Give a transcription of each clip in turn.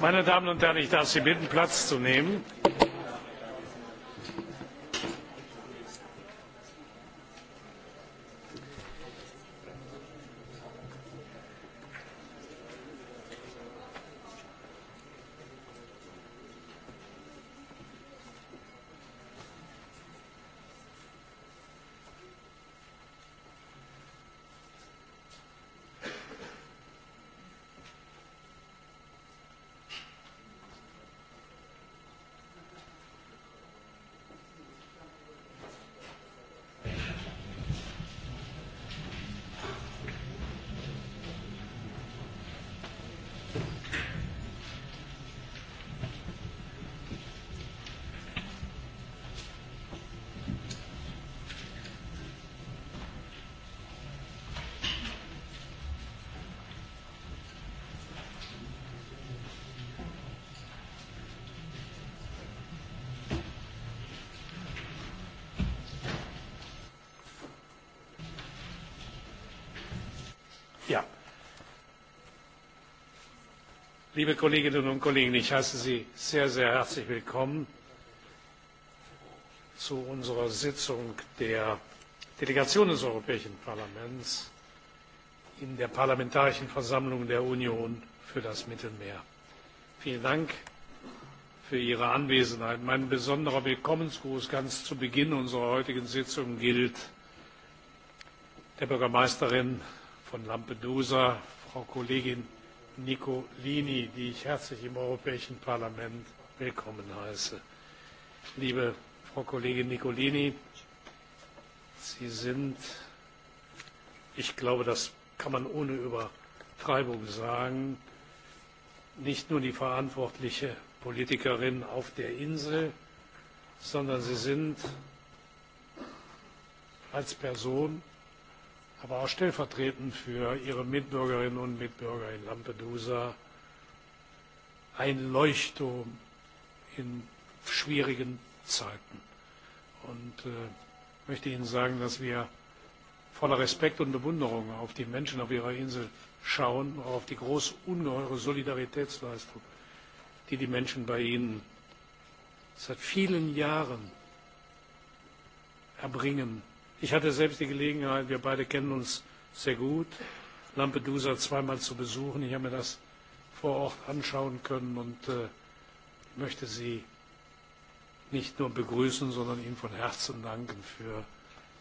meine damen und herren ich darf sie bitten platz zu nehmen. Liebe Kolleginnen und Kollegen, ich heiße Sie sehr, sehr herzlich willkommen zu unserer Sitzung der Delegation des Europäischen Parlaments in der Parlamentarischen Versammlung der Union für das Mittelmeer. Vielen Dank für Ihre Anwesenheit. Mein besonderer Willkommensgruß ganz zu Beginn unserer heutigen Sitzung gilt der Bürgermeisterin von Lampedusa, Frau Kollegin Nicolini, die ich herzlich im Europäischen Parlament willkommen heiße. Liebe Frau Kollegin Nicolini, Sie sind, ich glaube, das kann man ohne Übertreibung sagen, nicht nur die verantwortliche Politikerin auf der Insel, sondern Sie sind als Person aber auch stellvertretend für ihre Mitbürgerinnen und Mitbürger in Lampedusa ein Leuchtturm in schwierigen Zeiten. Und ich möchte Ihnen sagen, dass wir voller Respekt und Bewunderung auf die Menschen auf ihrer Insel schauen, auch auf die große ungeheure Solidaritätsleistung, die die Menschen bei Ihnen seit vielen Jahren erbringen Ich hatte selbst die Gelegenheit, wir beide kennen uns sehr gut, Lampedusa zweimal zu besuchen. Ich habe mir das vor Ort anschauen können und möchte Sie nicht nur begrüßen, sondern Ihnen von Herzen danken für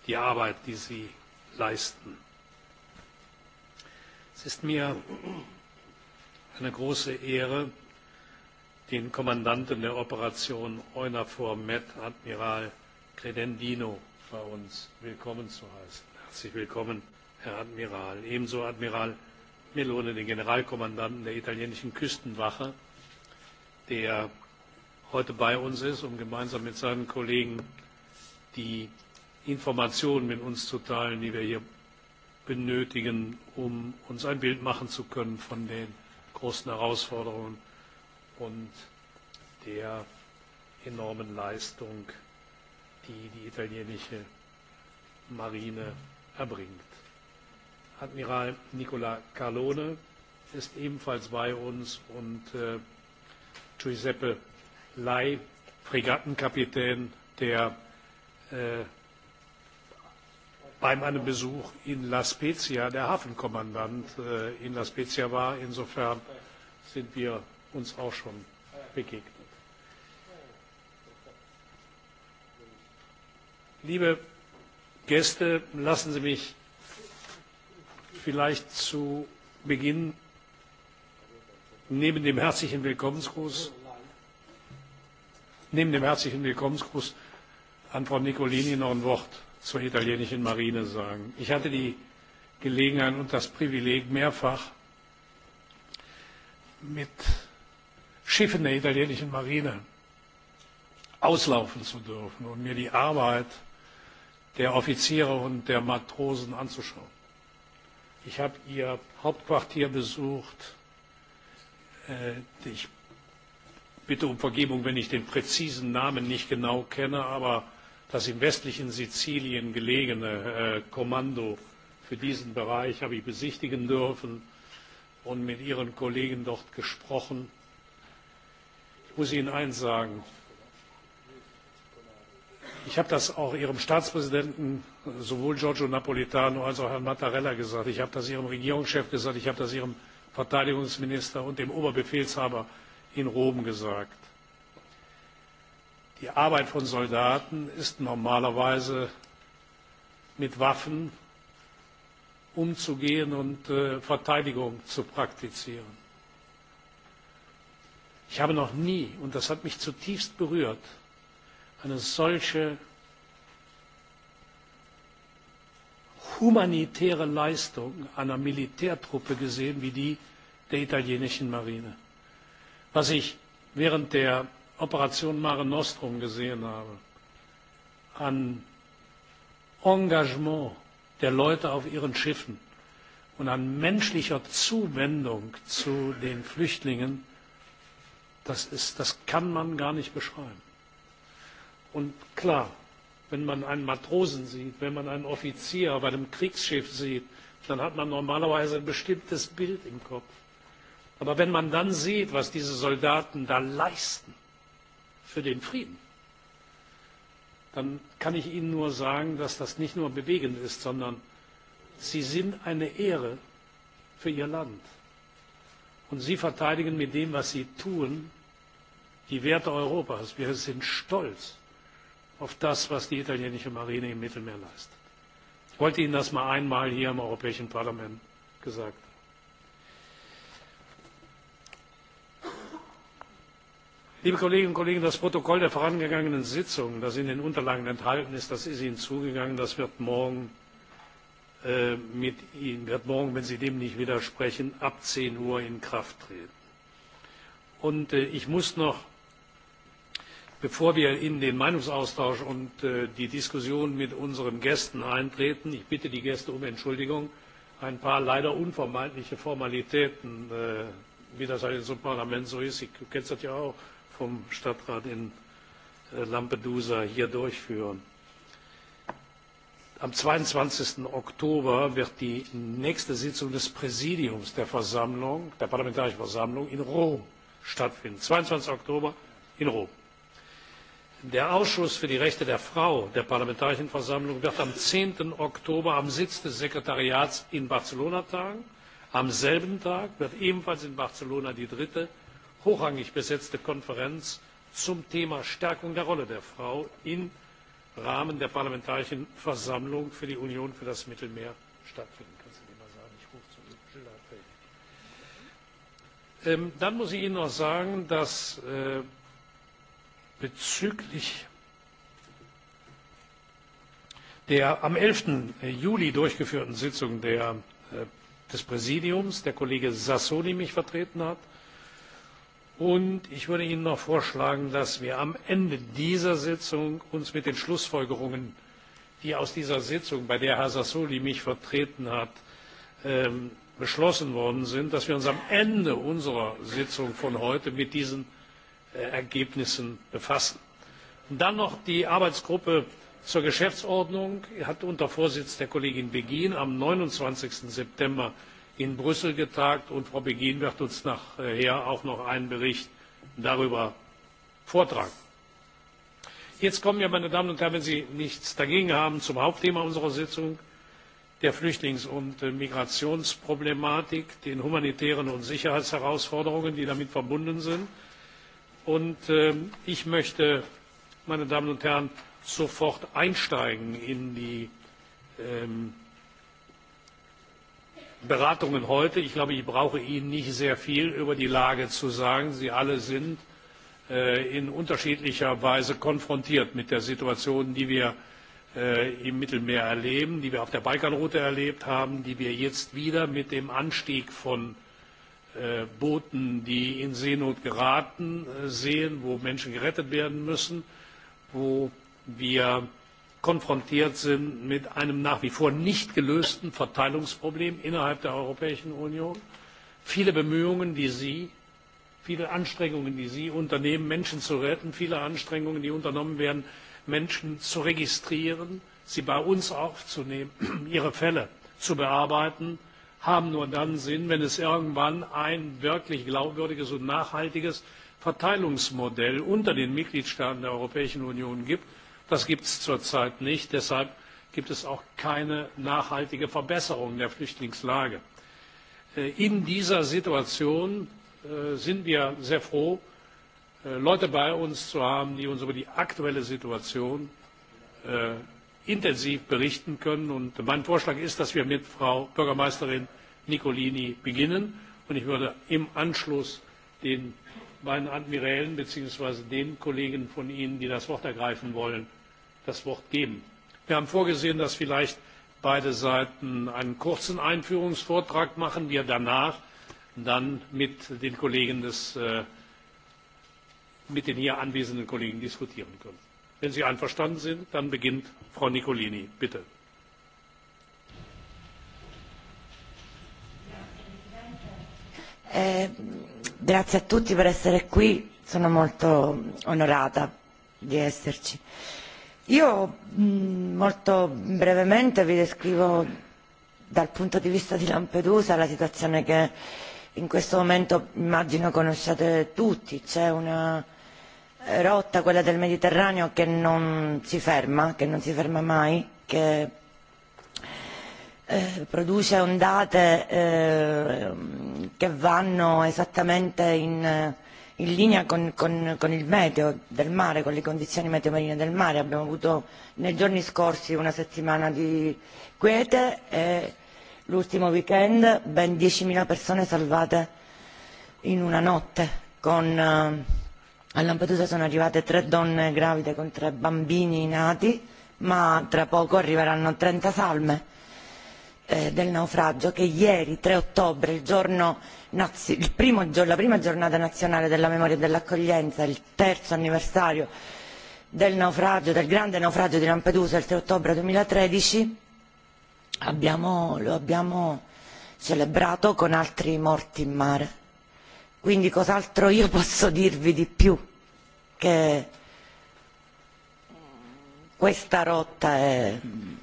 die Arbeit, die Sie leisten. Es ist mir eine große Ehre, den Kommandanten der Operation EUNAVFOR Med, Admiral Credendino, bei uns willkommen zu heißen. Herzlich willkommen, Herr Admiral. Ebenso Admiral Melone, den Generalkommandanten der italienischen Küstenwache, der heute bei uns ist, um gemeinsam mit seinen Kollegen die Informationen mit uns zu teilen, die wir hier benötigen, um uns ein Bild machen zu können von den großen Herausforderungen und der enormen Leistung die die italienische Marine erbringt. Admiral Nicola Carlone ist ebenfalls bei uns und Giuseppe Lai, Fregattenkapitän, der bei meinem Besuch in La Spezia der Hafenkommandant in La Spezia war. Insofern sind wir uns auch schon begegnet. liebe Gäste, lassen Sie mich vielleicht zu Beginn neben dem herzlichen Willkommensgruß neben dem herzlichen Willkommensgruß an Frau Nicolini noch ein Wort zur italienischen Marine sagen. Ich hatte die Gelegenheit und das Privileg, mehrfach mit Schiffen der italienischen Marine auslaufen zu dürfen und mir die Arbeit der Offiziere und der Matrosen anzuschauen. Ich habe ihr Hauptquartier besucht. Ich bitte um Vergebung, wenn ich den präzisen Namen nicht genau kenne, aber das im westlichen Sizilien gelegene Kommando für diesen Bereich habe ich besichtigen dürfen und mit Ihren Kollegen dort gesprochen. Ich muss Ihnen eines sagen, ich habe das auch ihrem staatspräsidenten sowohl giorgio napolitano als auch herrn mattarella gesagt ich habe das ihrem regierungschef gesagt ich habe das ihrem verteidigungsminister und dem oberbefehlshaber in rom gesagt die arbeit von soldaten ist normalerweise mit waffen umzugehen und verteidigung zu praktizieren. ich habe noch nie und das hat mich zutiefst berührt eine solche humanitäre Leistung einer Militärtruppe gesehen wie die der italienischen Marine. Was ich während der Operation Mare Nostrum gesehen habe, an Engagement der Leute auf ihren Schiffen und an menschlicher Zuwendung zu den Flüchtlingen, das, ist, das kann man gar nicht beschreiben. Und klar, wenn man einen Matrosen sieht, wenn man einen Offizier auf einem Kriegsschiff sieht, dann hat man normalerweise ein bestimmtes Bild im Kopf. Aber wenn man dann sieht, was diese Soldaten da leisten für den Frieden, dann kann ich Ihnen nur sagen, dass das nicht nur bewegend ist, sondern Sie sind eine Ehre für Ihr Land. Und Sie verteidigen mit dem, was Sie tun, die Werte Europas. Wir sind stolz auf das, was die italienische Marine im Mittelmeer leistet. Ich wollte Ihnen das mal einmal hier im Europäischen Parlament gesagt haben. Liebe Kolleginnen und Kollegen, das Protokoll der vorangegangenen Sitzung, das in den Unterlagen enthalten ist, das ist Ihnen zugegangen. Das wird morgen, mit Ihnen, wird morgen wenn Sie dem nicht widersprechen, ab 10 Uhr in Kraft treten. Und ich muss noch bevor wir in den Meinungsaustausch und die Diskussion mit unseren Gästen eintreten, ich bitte die Gäste um Entschuldigung, ein paar leider unvermeidliche Formalitäten, wie das halt in so einem Parlament so ist. Ich kenne das ja auch vom Stadtrat in Lampedusa hier durchführen. Am zweiundzwanzig. Oktober wird die nächste Sitzung des Präsidiums der Versammlung, der Parlamentarischen Versammlung in Rom stattfinden. zweiundzwanzig Oktober in Rom der ausschuss für die rechte der frau der parlamentarischen versammlung wird am. zehn oktober am sitz des sekretariats in barcelona tagen. am selben tag wird ebenfalls in barcelona die dritte hochrangig besetzte konferenz zum thema stärkung der rolle der frau im rahmen der parlamentarischen versammlung für die union für das mittelmeer stattfinden. dann muss ich ihnen noch sagen dass bezüglich der am. elf juli durchgeführten sitzung des präsidiums der kollege sassoli mich vertreten hat und ich würde ihnen noch vorschlagen dass wir uns am ende dieser sitzung mit den schlussfolgerungen die aus dieser sitzung bei der herr sassoli mich vertreten hat beschlossen worden sind dass wir uns am ende unserer sitzung von heute mit diesen ergebnissen befassen. dann noch die arbeitsgruppe zur geschäftsordnung hat unter vorsitz der kollegin beghin am. neunundzwanzig september in brüssel getagt und frau beghin wird uns nachher auch noch einen bericht darüber vortragen. jetzt kommen wir meine damen und herren wenn sie nichts dagegen haben zum hauptthema unserer sitzung der flüchtlings und migrationsproblematik den humanitären und sicherheitsherausforderungen die damit verbunden sind Und ich möchte, meine Damen und Herren, sofort einsteigen in die Beratungen heute. Ich glaube, ich brauche Ihnen nicht sehr viel über die Lage zu sagen. Sie alle sind in unterschiedlicher Weise konfrontiert mit der Situation, die wir im Mittelmeer erleben, die wir auf der Balkanroute erlebt haben, die wir jetzt wieder mit dem Anstieg von Booten, die in Seenot geraten, sehen, wo Menschen gerettet werden müssen, wo wir konfrontiert sind mit einem nach wie vor nicht gelösten Verteilungsproblem innerhalb der Europäischen Union. Viele Bemühungen, die Sie, viele Anstrengungen, die Sie unternehmen, Menschen zu retten, viele Anstrengungen, die unternommen werden, Menschen zu registrieren, sie bei uns aufzunehmen, ihre Fälle zu bearbeiten haben nur dann Sinn, wenn es irgendwann ein wirklich glaubwürdiges und nachhaltiges Verteilungsmodell unter den Mitgliedstaaten der Europäischen Union gibt. Das gibt es zurzeit nicht. Deshalb gibt es auch keine nachhaltige Verbesserung der Flüchtlingslage. In dieser Situation sind wir sehr froh, Leute bei uns zu haben, die uns über die aktuelle Situation intensiv berichten können. mein Vorschlag ist, dass wir mit Frau Bürgermeisterin Nicolini beginnen. Und ich würde im Anschluss den beiden Admirälen bzw. den Kollegen von Ihnen, die das Wort ergreifen wollen, das Wort geben. Wir haben vorgesehen, dass vielleicht beide Seiten einen kurzen Einführungsvortrag machen, wir danach dann mit den Kollegen des, mit den hier anwesenden Kollegen diskutieren können wenn sie einverstanden sind dann beginnt frau nicolini bitte. grazie a tutti per essere qui sono molto onorata di esserci. Io molto brevemente vi descrivo dal punto di vista di Lampedusa la situazione che in questo momento immagino conosciate tutti. C'è una rotta, quella del Mediterraneo, che non si ferma, che non si ferma mai, che eh, produce ondate eh, che vanno esattamente in, in linea con, con, con il meteo del mare, con le condizioni meteo marine del mare. Abbiamo avuto nei giorni scorsi una settimana di quiete e l'ultimo weekend ben 10.000 persone salvate in una notte con eh, A Lampedusa sono arrivate tre donne gravide con tre bambini nati, ma tra poco arriveranno 30 salme eh, del naufragio che ieri, 3 ottobre, il giorno nazi- il primo gio- la prima giornata nazionale della memoria e dell'accoglienza, il terzo anniversario del naufragio, del grande naufragio di Lampedusa il 3 ottobre 2013, abbiamo, lo abbiamo celebrato con altri morti in mare Quindi cos'altro io posso dirvi di più che questa rotta è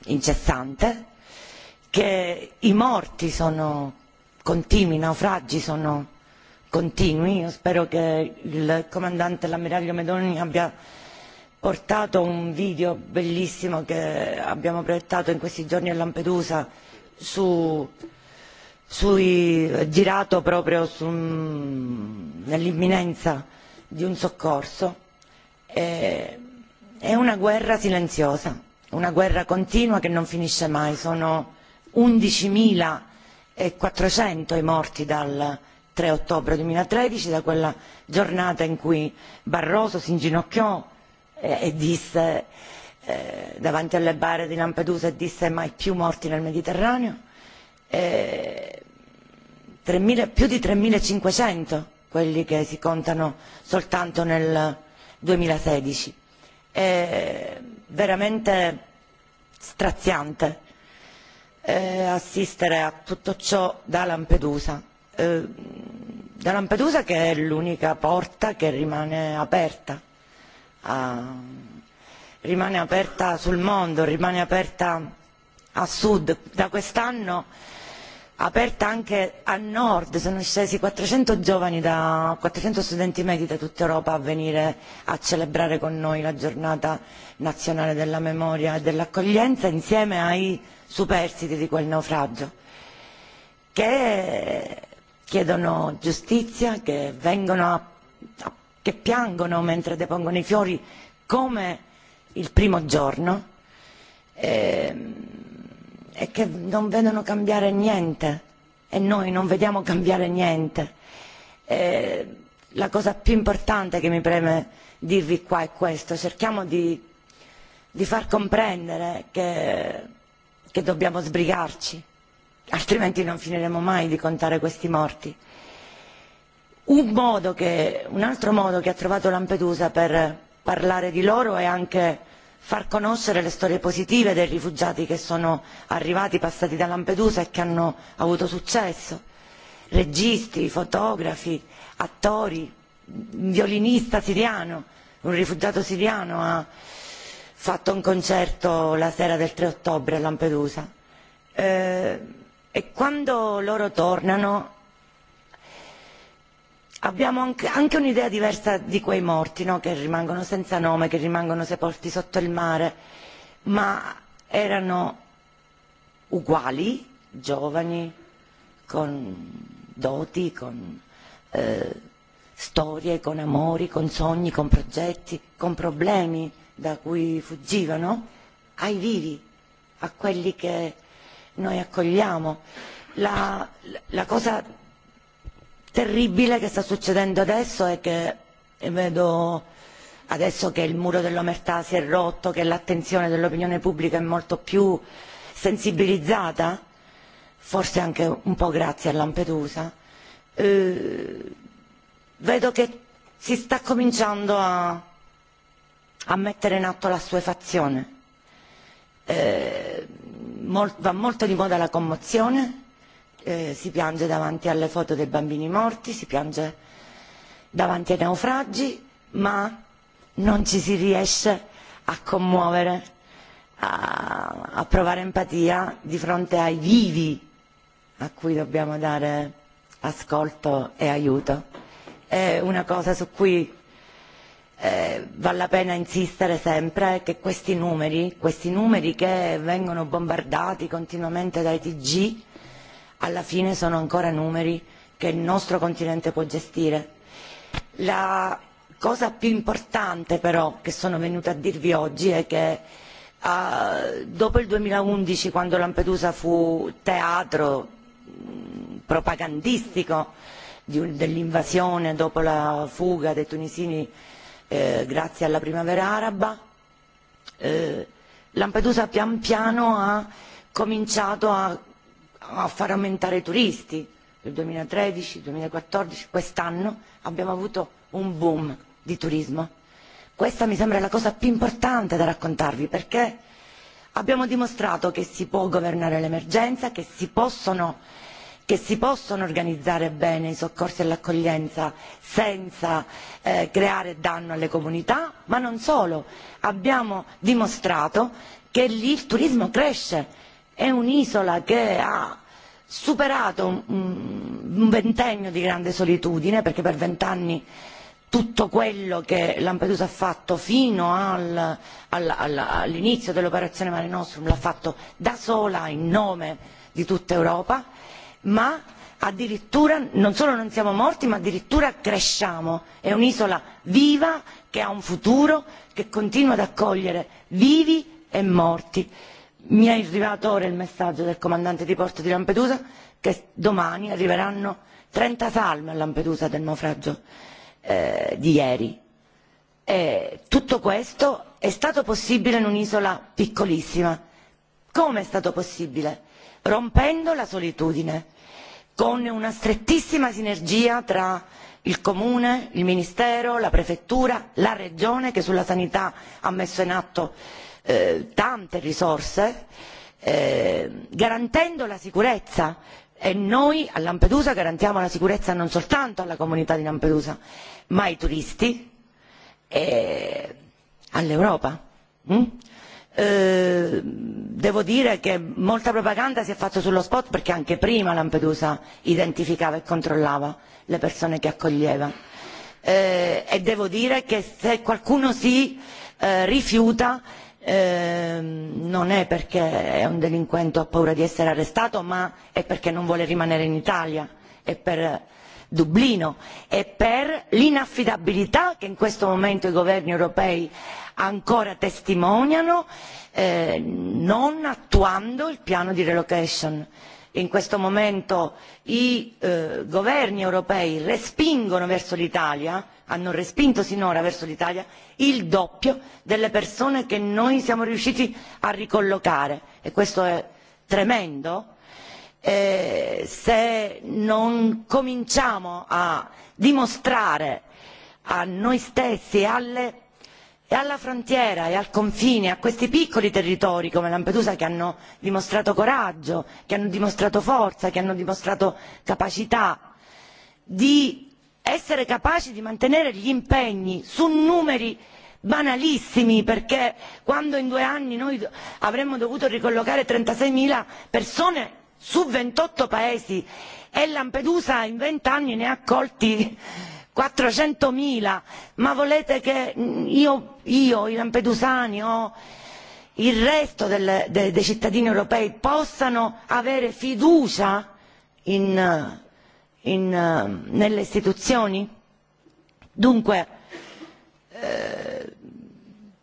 incessante, che i morti sono continui, i naufragi sono continui. Io spero che il comandante l'ammiraglio Medoni abbia portato un video bellissimo che abbiamo proiettato in questi giorni a Lampedusa su sui, girato proprio su, nell'imminenza di un soccorso. E, è una guerra silenziosa, una guerra continua che non finisce mai. Sono 11.400 i morti dal 3 ottobre 2013, da quella giornata in cui Barroso si inginocchiò e, e disse eh, davanti alle bare di Lampedusa e disse mai più morti nel Mediterraneo. Eh, più di 3.500 quelli che si contano soltanto nel duemilasedici è veramente straziante assistere a tutto ciò da Lampedusa da Lampedusa che è l'unica porta che rimane aperta rimane aperta sul mondo rimane aperta a sud da quest'anno aperta anche a nord, sono scesi 400 giovani da 400 studenti medi da tutta Europa a venire a celebrare con noi la giornata nazionale della memoria e dell'accoglienza insieme ai superstiti di quel naufragio che chiedono giustizia, che vengono a, che piangono mentre depongono i fiori come il primo giorno. Ehm, è che non vedono cambiare niente e noi non vediamo cambiare niente. E la cosa più importante che mi preme dirvi qua è questo, cerchiamo di, di far comprendere che, che dobbiamo sbrigarci, altrimenti non finiremo mai di contare questi morti. Un, modo che, un altro modo che ha trovato Lampedusa per parlare di loro è anche far conoscere le storie positive dei rifugiati che sono arrivati, passati da Lampedusa e che hanno avuto successo. Registi, fotografi, attori, un violinista siriano, un rifugiato siriano ha fatto un concerto la sera del 3 ottobre a Lampedusa. Eh, e quando loro tornano abbiamo anche un'idea diversa di quei morti che rimangono senza nome, che rimangono sepolti sotto il mare, ma erano uguali, giovani, con doti, con storie, con amori, con sogni, con progetti, con problemi da cui fuggivano, ai vivi, a quelli che noi accogliamo. La, la cosa terribile che sta succedendo adesso e che vedo adesso che il muro dell'omertà si è rotto, che l'attenzione dell'opinione pubblica è molto più sensibilizzata, forse anche un po' grazie a Lampedusa, vedo che si sta cominciando a, a mettere in atto la sua fazione. Eh, va molto di moda la commozione, eh, si piange davanti alle foto dei bambini morti, si piange davanti ai naufragi, ma non ci si riesce a commuovere, a, a provare empatia di fronte ai vivi a cui dobbiamo dare ascolto e aiuto. È una cosa su cui eh, vale la pena insistere sempre che questi numeri, questi numeri che vengono bombardati continuamente dai TG, alla fine sono ancora numeri che il nostro continente può gestire. La cosa più importante però che sono venuta a dirvi oggi è che dopo il duemilaundici, quando Lampedusa fu teatro propagandistico dell'invasione dopo la fuga dei tunisini grazie alla primavera araba, Lampedusa pian piano ha cominciato a a far aumentare i turisti. Nel duemilatredici, duemilaquattordici, quest'anno abbiamo avuto un boom di turismo. Questa mi sembra la cosa più importante da raccontarvi perché abbiamo dimostrato che si può governare l'emergenza, che si possono che si possono organizzare bene i soccorsi e l'accoglienza senza creare danno alle comunità, ma non solo. Abbiamo dimostrato che lì il turismo cresce, è un'isola che ha superato un ventennio di grande solitudine perché per vent'anni tutto quello che Lampedusa ha fatto fino al, al, al, all'inizio dell'operazione Mare Nostrum l'ha fatto da sola in nome di tutta Europa, ma addirittura non solo non siamo morti ma addirittura cresciamo è un'isola viva che ha un futuro che continua ad accogliere vivi e morti mi è arrivato ora il messaggio del comandante di porto di Lampedusa che domani arriveranno 30 salme a Lampedusa del naufragio eh, di ieri. E tutto questo è stato possibile in un'isola piccolissima. Come è stato possibile? Rompendo la solitudine, con una strettissima sinergia tra il comune, il ministero, la prefettura, la regione che sulla sanità ha messo in atto tante risorse garantendo la sicurezza e noi a Lampedusa garantiamo la sicurezza non soltanto alla comunità di Lampedusa ma ai turisti e all'Europa. devo dire che molta propaganda si è fatta sullo spot perché anche prima Lampedusa identificava e controllava le persone che accoglieva e devo dire che se qualcuno si rifiuta non è perché è un delinquente o ha paura di essere arrestato, ma è perché non vuole rimanere in Italia, è per Dublino, è per l'inaffidabilità che in questo momento i governi europei ancora testimoniano non attuando il piano di relocation in questo momento i governi europei respingono verso l'Italia, hanno respinto sinora verso l'Italia il doppio delle persone che noi siamo riusciti a ricollocare e questo è tremendo se non cominciamo a dimostrare a noi stessi e alle e alla frontiera e al confine a questi piccoli territori come lampedusa che hanno dimostrato coraggio che hanno dimostrato forza che hanno dimostrato capacità di essere capaci di mantenere gli impegni su numeri banalissimi perché quando in due anni noi avremmo dovuto ricollocare trentasei zero persone su ventotto paesi e lampedusa in vent'anni ne ha accolti 400.000, ma volete che io, io i lampedusani o il resto del, de, dei cittadini europei possano avere fiducia in, in, nelle istituzioni? Dunque, eh,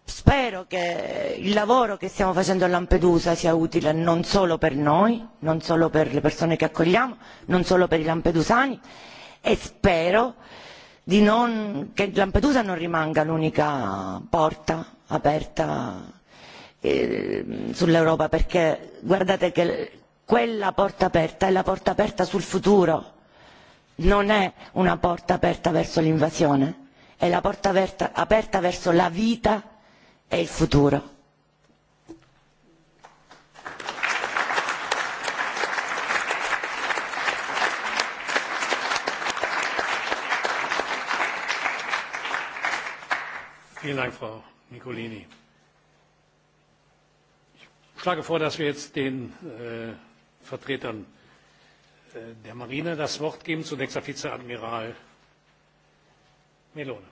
spero che il lavoro che stiamo facendo a Lampedusa sia utile non solo per noi, non solo per le persone che accogliamo, non solo per i lampedusani e spero di non, che Lampedusa non rimanga l'unica porta aperta eh, sull'Europa, perché guardate che quella porta aperta è la porta aperta sul futuro, non è una porta aperta verso l'invasione, è la porta aperta, aperta verso la vita e il futuro Vielen Dank, Frau Nicolini. Ich schlage vor, dass wir jetzt den Vertretern der Marine das Wort geben, zunächst der Vizeadmiral Melone.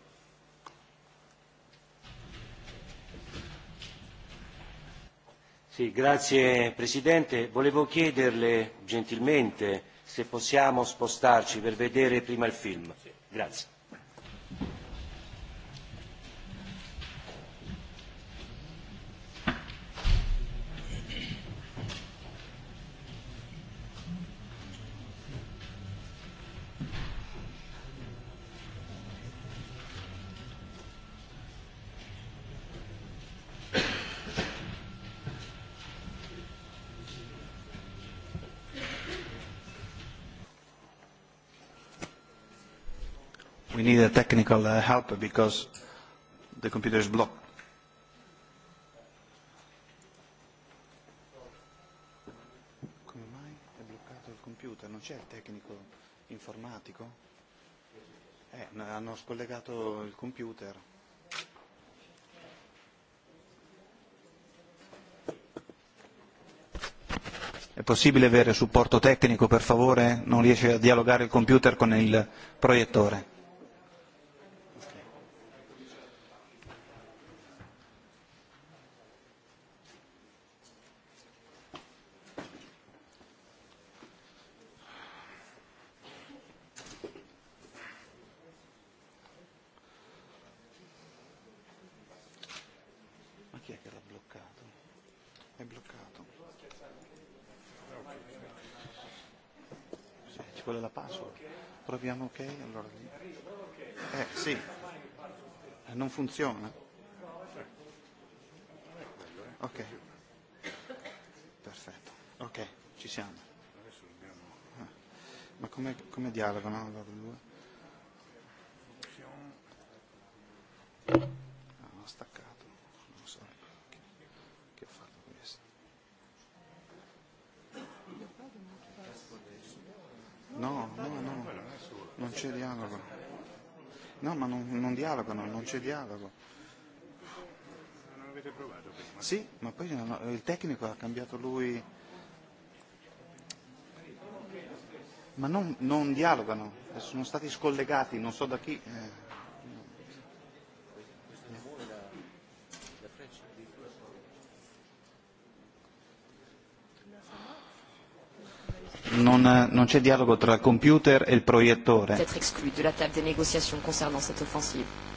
Signor Presidente, volevo chiederle gentilmente se possiamo spostarci per vedere prima il film. Grazie. need a technical uh, help because the computer is blocked. Come mai è bloccato il computer? Non c'è il tecnico informatico? Eh, hanno scollegato il computer. È possibile avere supporto tecnico, per favore? Non riesce a dialogare il computer con il proiettore. funziona. Ok. Perfetto. Ok, ci siamo. Ma come, come no? Allora, due. c'è dialogo. Non avete provato prima? Sì, ma poi il tecnico ha cambiato lui. Ma non, non dialogano, sono stati scollegati, non so da chi. Eh. non, non c'è dialogo tra il computer e il proiettore. Peut-être exclu de la table des négociations concernant cette offensive.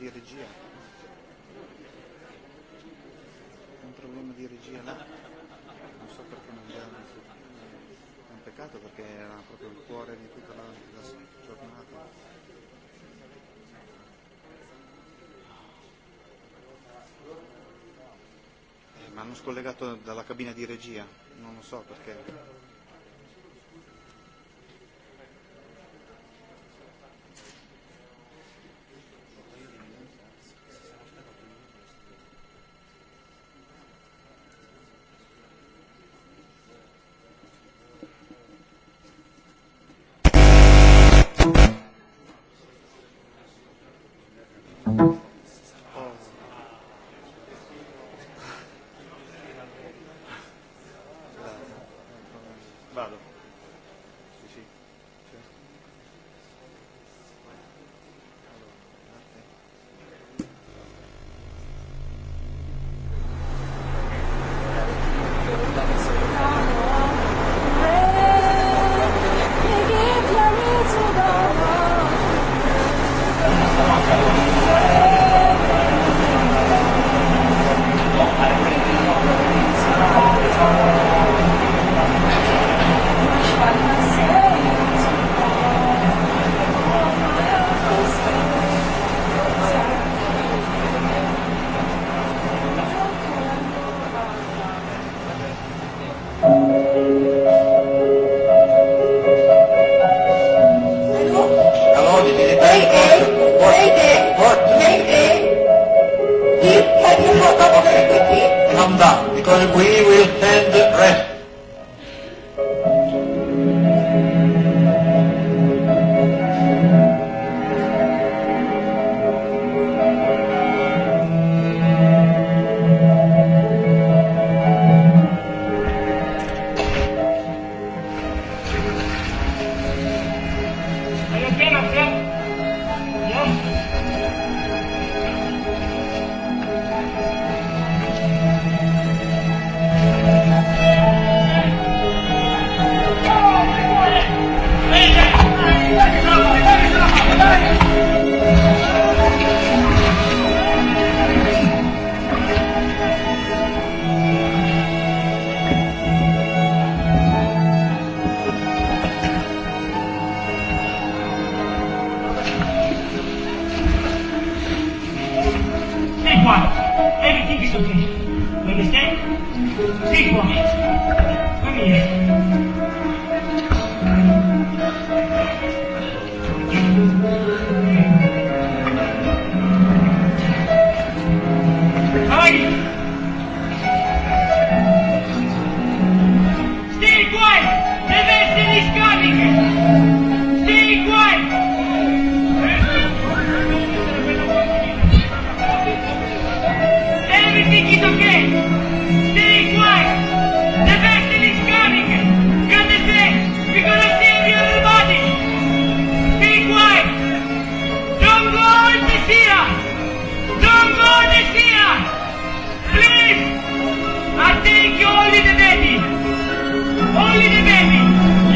di regia. È un problema di regia là. Non so perché non abbiamo. È un peccato perché era proprio il cuore di tutta la, la giornata. Eh, ma hanno scollegato dalla cabina di regia, non lo so perché.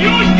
you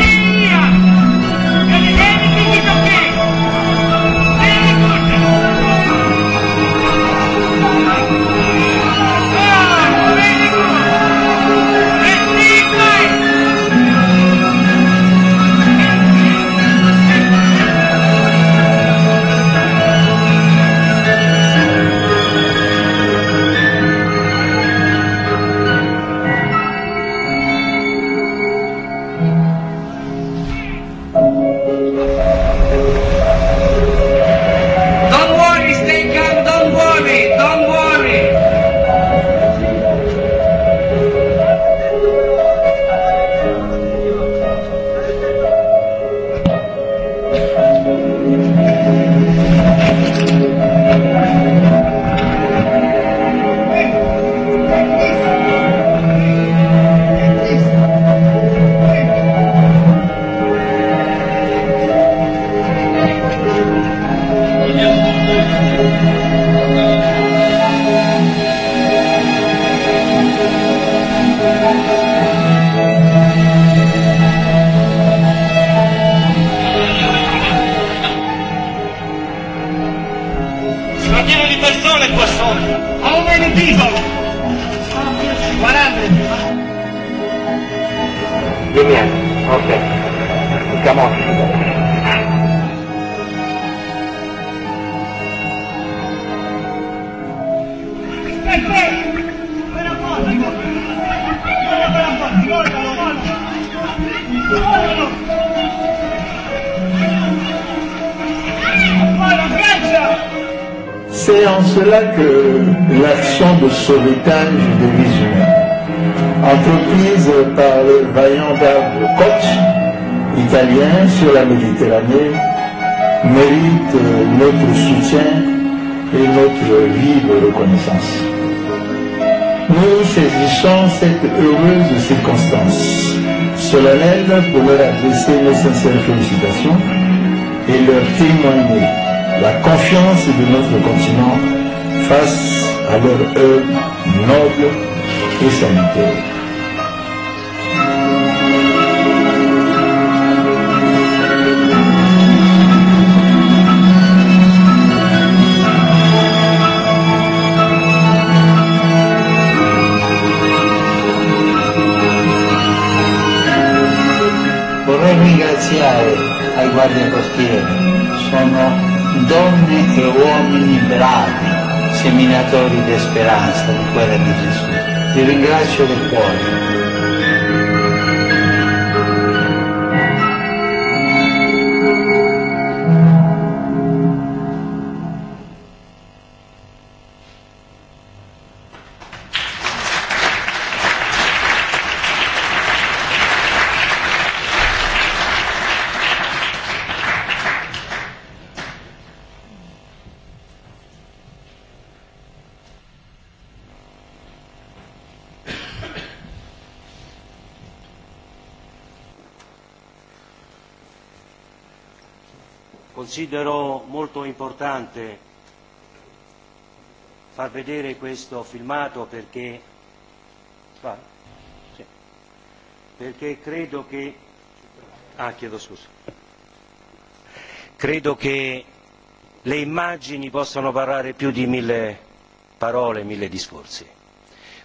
Méditerranée mérite notre soutien et notre vive reconnaissance. Nous saisissons cette heureuse circonstance solennelle pour leur adresser nos sincères félicitations et leur témoigner la confiance de notre continent face à leur œuvre noble et sanitaire. delle costiere, sono donne e uomini bravi, seminatori di speranza di quella di Gesù. Vi ringrazio del cuore. considero molto importante far vedere questo filmato perché, perché credo che ah, chiedo scusa. credo che le immagini possano parlare più di mille parole, mille discorsi.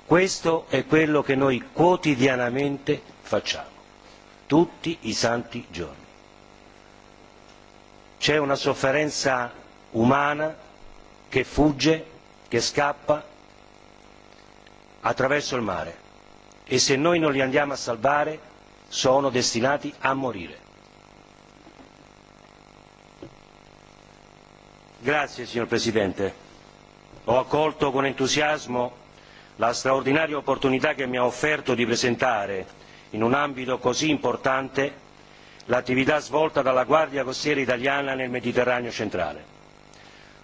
Questo è quello che noi quotidianamente facciamo, tutti i santi giorni c'è una sofferenza umana che fugge, che scappa attraverso il mare e se noi non li andiamo a salvare sono destinati a morire. Grazie signor Presidente, ho accolto con entusiasmo la straordinaria opportunità che mi ha offerto di presentare in un ambito così importante l'attività svolta dalla guardia costiera italiana nel mediterraneo centrale.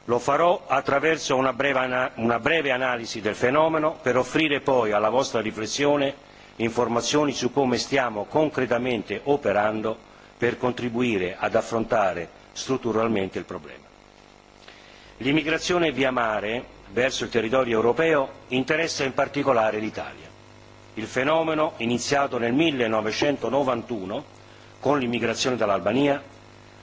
lo farò attraverso una breve analisi del fenomeno per offrire poi alla vostra riflessione informazioni su come stiamo concretamente operando per contribuire ad affrontare strutturalmente il problema. l'immigrazione via mare verso il territorio europeo interessa in particolare l'italia. il fenomeno iniziato nel millenovecentonovantuno con l'immigrazione dall'Albania,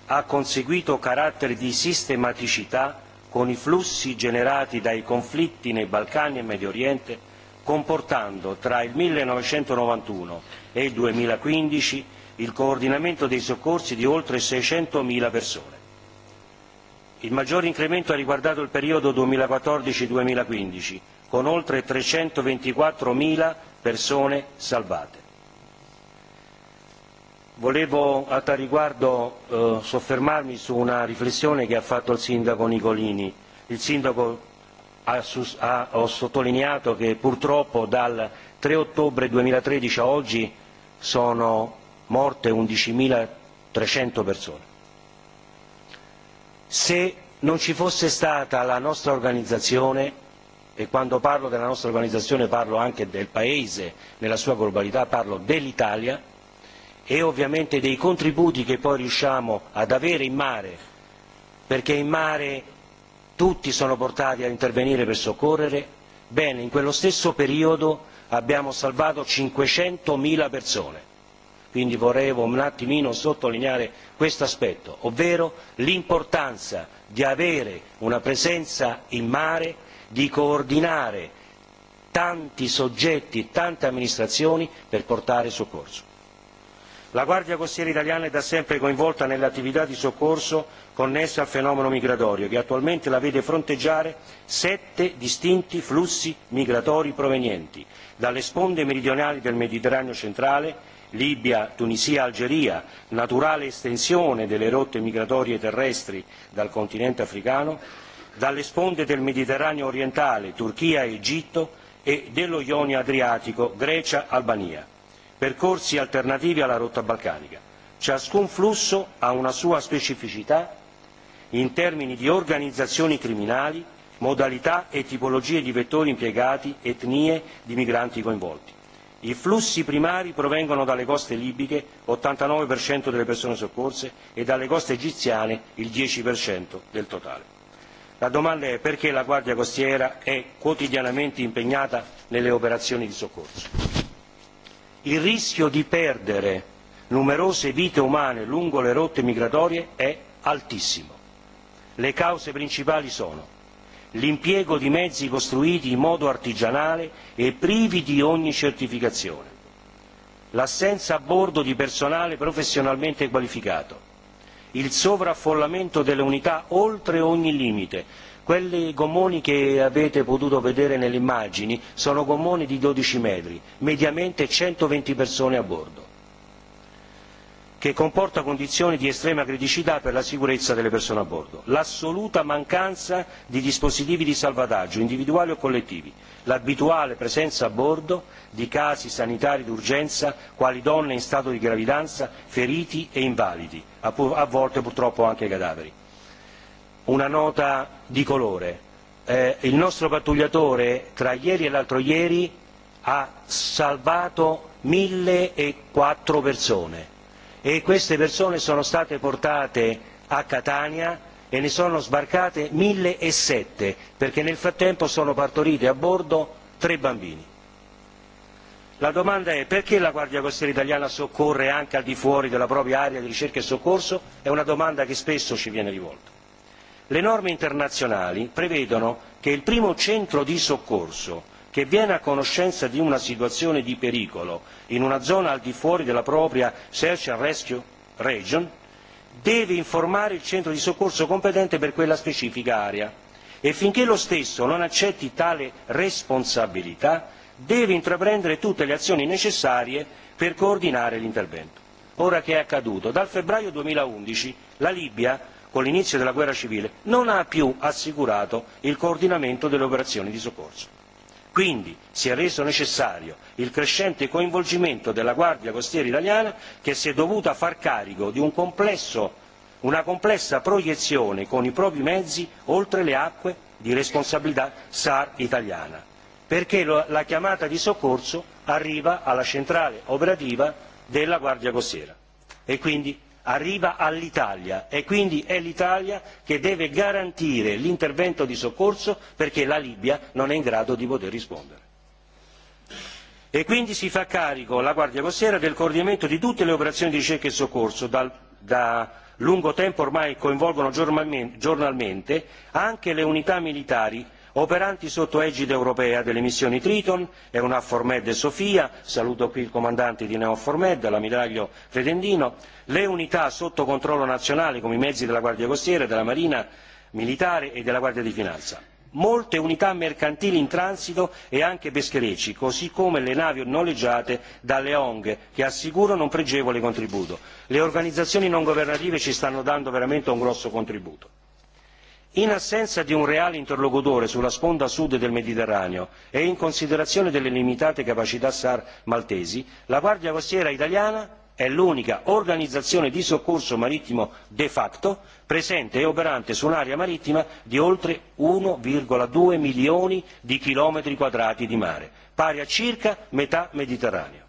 ha conseguito carattere di sistematicità con i flussi generati dai conflitti nei Balcani e Medio Oriente, comportando tra il millenovecentonovantuno e il duemilaquindici il coordinamento dei soccorsi di oltre zero persone. Il maggior incremento ha riguardato il periodo duemilaquattordici duemilaquindici, con oltre zero persone salvate volevo a tal riguardo soffermarmi su una riflessione che ha fatto il sindaco Nicolini. Il sindaco ha, sottolineato che purtroppo dal tre ottobre duemilatredici a oggi sono morte undicimila trecento persone. Se non ci fosse stata la nostra organizzazione, e quando parlo della nostra organizzazione parlo anche del Paese, nella sua globalità parlo dell'Italia, e ovviamente dei contributi che poi riusciamo ad avere in mare, perché in mare tutti sono portati a intervenire per soccorrere, bene, in quello stesso periodo abbiamo salvato 500.000 persone. Quindi vorrei un attimino sottolineare questo aspetto, ovvero l'importanza di avere una presenza in mare, di coordinare tanti soggetti e tante amministrazioni per portare soccorso la guardia costiera italiana è da sempre coinvolta nelle attività di soccorso connesse al fenomeno migratorio che attualmente la vede fronteggiare sette distinti flussi migratori provenienti dalle sponde meridionali del mediterraneo centrale libia tunisia algeria naturale estensione delle rotte migratorie terrestri dal continente africano dalle sponde del mediterraneo orientale turchia egitto e dello ionio adriatico grecia albania percorsi alternativi alla rotta balcanica. Ciascun flusso ha una sua specificità in termini di organizzazioni criminali, modalità e tipologie di vettori impiegati, etnie di migranti coinvolti. I flussi primari provengono dalle coste libiche ottantanove delle persone soccorse e dalle coste egiziane il dieci del totale. La domanda è perché la Guardia Costiera è quotidianamente impegnata nelle operazioni di soccorso il rischio di perdere numerose vite umane lungo le rotte migratorie è altissimo. le cause principali sono l'impiego di mezzi costruiti in modo artigianale e privi di ogni certificazione l'assenza a bordo di personale professionalmente qualificato il sovraffollamento delle unità oltre ogni limite quelli gommoni che avete potuto vedere nelle immagini sono gommoni di dodici metri mediamente 120 persone a bordo che comporta condizioni di estrema criticità per la sicurezza delle persone a bordo l'assoluta mancanza di dispositivi di salvataggio individuali o collettivi l'abituale presenza a bordo di casi sanitari d'urgenza quali donne in stato di gravidanza feriti e invalidi a volte purtroppo anche cadaveri una nota di colore il nostro pattugliatore tra ieri e l'altro ieri ha salvato mille e quattro persone e queste persone sono state portate a catania e ne sono sbarcate mille e sette perché nel frattempo sono partoriti a bordo tre bambini. La domanda è perché la Guardia Costiera italiana soccorre anche al di fuori della propria area di ricerca e soccorso? È una domanda che spesso ci viene rivolta le norme internazionali prevedono che il primo centro di soccorso che viene a conoscenza di una situazione di pericolo in una zona al di fuori della propria search and rescue region deve informare il centro di soccorso competente per quella specifica area e finché lo stesso non accetti tale responsabilità deve intraprendere tutte le azioni necessarie per coordinare l'intervento. Ora che è accaduto? Dal febbraio duemilaundici la Libia con l'inizio della guerra civile non ha più assicurato il coordinamento delle operazioni di soccorso. Quindi si è reso necessario il crescente coinvolgimento della Guardia Costiera italiana che si è dovuta far carico di una complessa proiezione con i propri mezzi oltre le acque di responsabilità SAR italiana, perché la chiamata di soccorso arriva alla centrale operativa della Guardia Costiera e quindi arriva all'Italia e quindi è l'Italia che deve garantire l'intervento di soccorso perché la Libia non è in grado di poter rispondere. E quindi si fa carico la Guardia Costiera del coordinamento di tutte le operazioni di ricerca e soccorso da lungo tempo ormai coinvolgono giornalmente anche le unità militari operanti sotto egide europea delle missioni Triton, EUNAVFOR Med e Sofia, saluto qui il comandante di EUNAVFOR Med, l'ammiraglio Fredendino, le unità sotto controllo nazionale come i mezzi della Guardia Costiera, della Marina Militare e della Guardia di Finanza. Molte unità mercantili in transito e anche pescherecci, così come le navi noleggiate dalle ONG, che assicurano un pregevole contributo. Le organizzazioni non governative ci stanno dando veramente un grosso contributo in assenza di un reale interlocutore sulla sponda sud del mediterraneo e in considerazione delle limitate capacità sar maltesi la guardia costiera italiana è l'unica organizzazione di soccorso marittimo de facto presente e operante su un'area marittima di oltre uno due milioni di chilometri quadrati di mare pari a circa metà mediterraneo.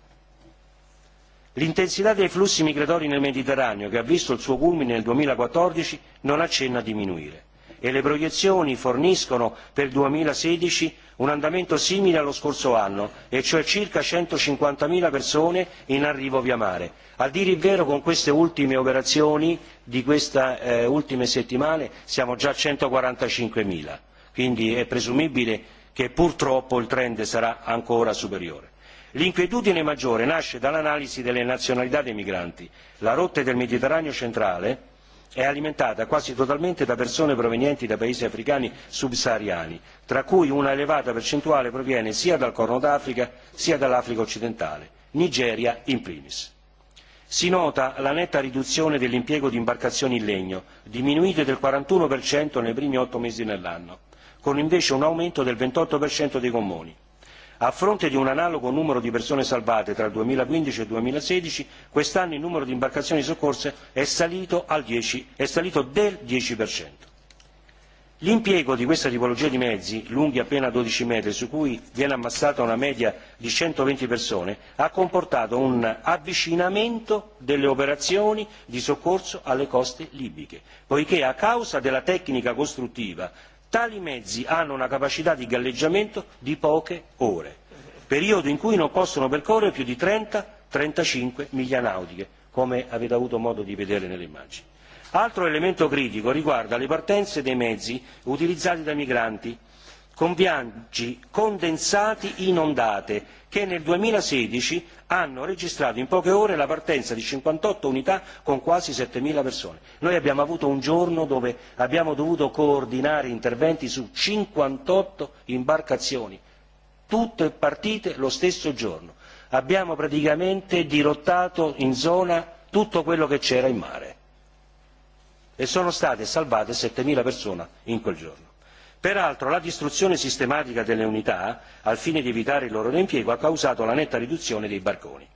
l'intensità dei flussi migratori nel mediterraneo che ha visto il suo culmine nel duemilaquattordici non accenna a diminuire e le proiezioni forniscono per il duemilasedici un andamento simile allo scorso anno e cioè circa centocinquanta zero persone in arrivo via mare. a dire il vero con queste ultime operazioni di queste ultime settimane siamo già a centoquarantacinque zero quindi è presumibile che purtroppo il trend sarà ancora superiore. l'inquietudine maggiore nasce dall'analisi delle nazionalità dei migranti la rotta del mediterraneo centrale è alimentata quasi totalmente da persone provenienti da paesi africani subsahariani tra cui una elevata percentuale proviene sia dal corno d'africa sia dall'africa occidentale nigeria in primis. si nota la netta riduzione dell'impiego di imbarcazioni in legno diminuite del quarantuno nei primi otto mesi dell'anno con invece un aumento del ventotto dei gommoni. A fronte di un analogo numero di persone salvate tra il duemilaquindici e il duemilasedici, quest'anno il numero di imbarcazioni soccorse è salito, al 10, è salito del 10%. L'impiego di questa tipologia di mezzi, lunghi appena dodici metri, su cui viene ammassata una media di centoventi persone, ha comportato un avvicinamento delle operazioni di soccorso alle coste libiche, poiché a causa della tecnica costruttiva tali mezzi hanno una capacità di galleggiamento di poche ore periodo in cui non possono percorrere più di trenta trentacinque miglia nautiche come avete avuto modo di vedere nelle immagini. altro elemento critico riguarda le partenze dei mezzi utilizzati dai migranti con viaggi condensati in ondate che nel duemilasedici hanno registrato in poche ore la partenza di cinquantotto unità con quasi sette zero persone. Noi abbiamo avuto un giorno dove abbiamo dovuto coordinare interventi su cinquantotto imbarcazioni, tutte partite lo stesso giorno. Abbiamo praticamente dirottato in zona tutto quello che c'era in mare e sono state salvate sette zero persone in quel giorno peraltro la distruzione sistematica delle unità al fine di evitare il loro reimpiego ha causato la netta riduzione dei barconi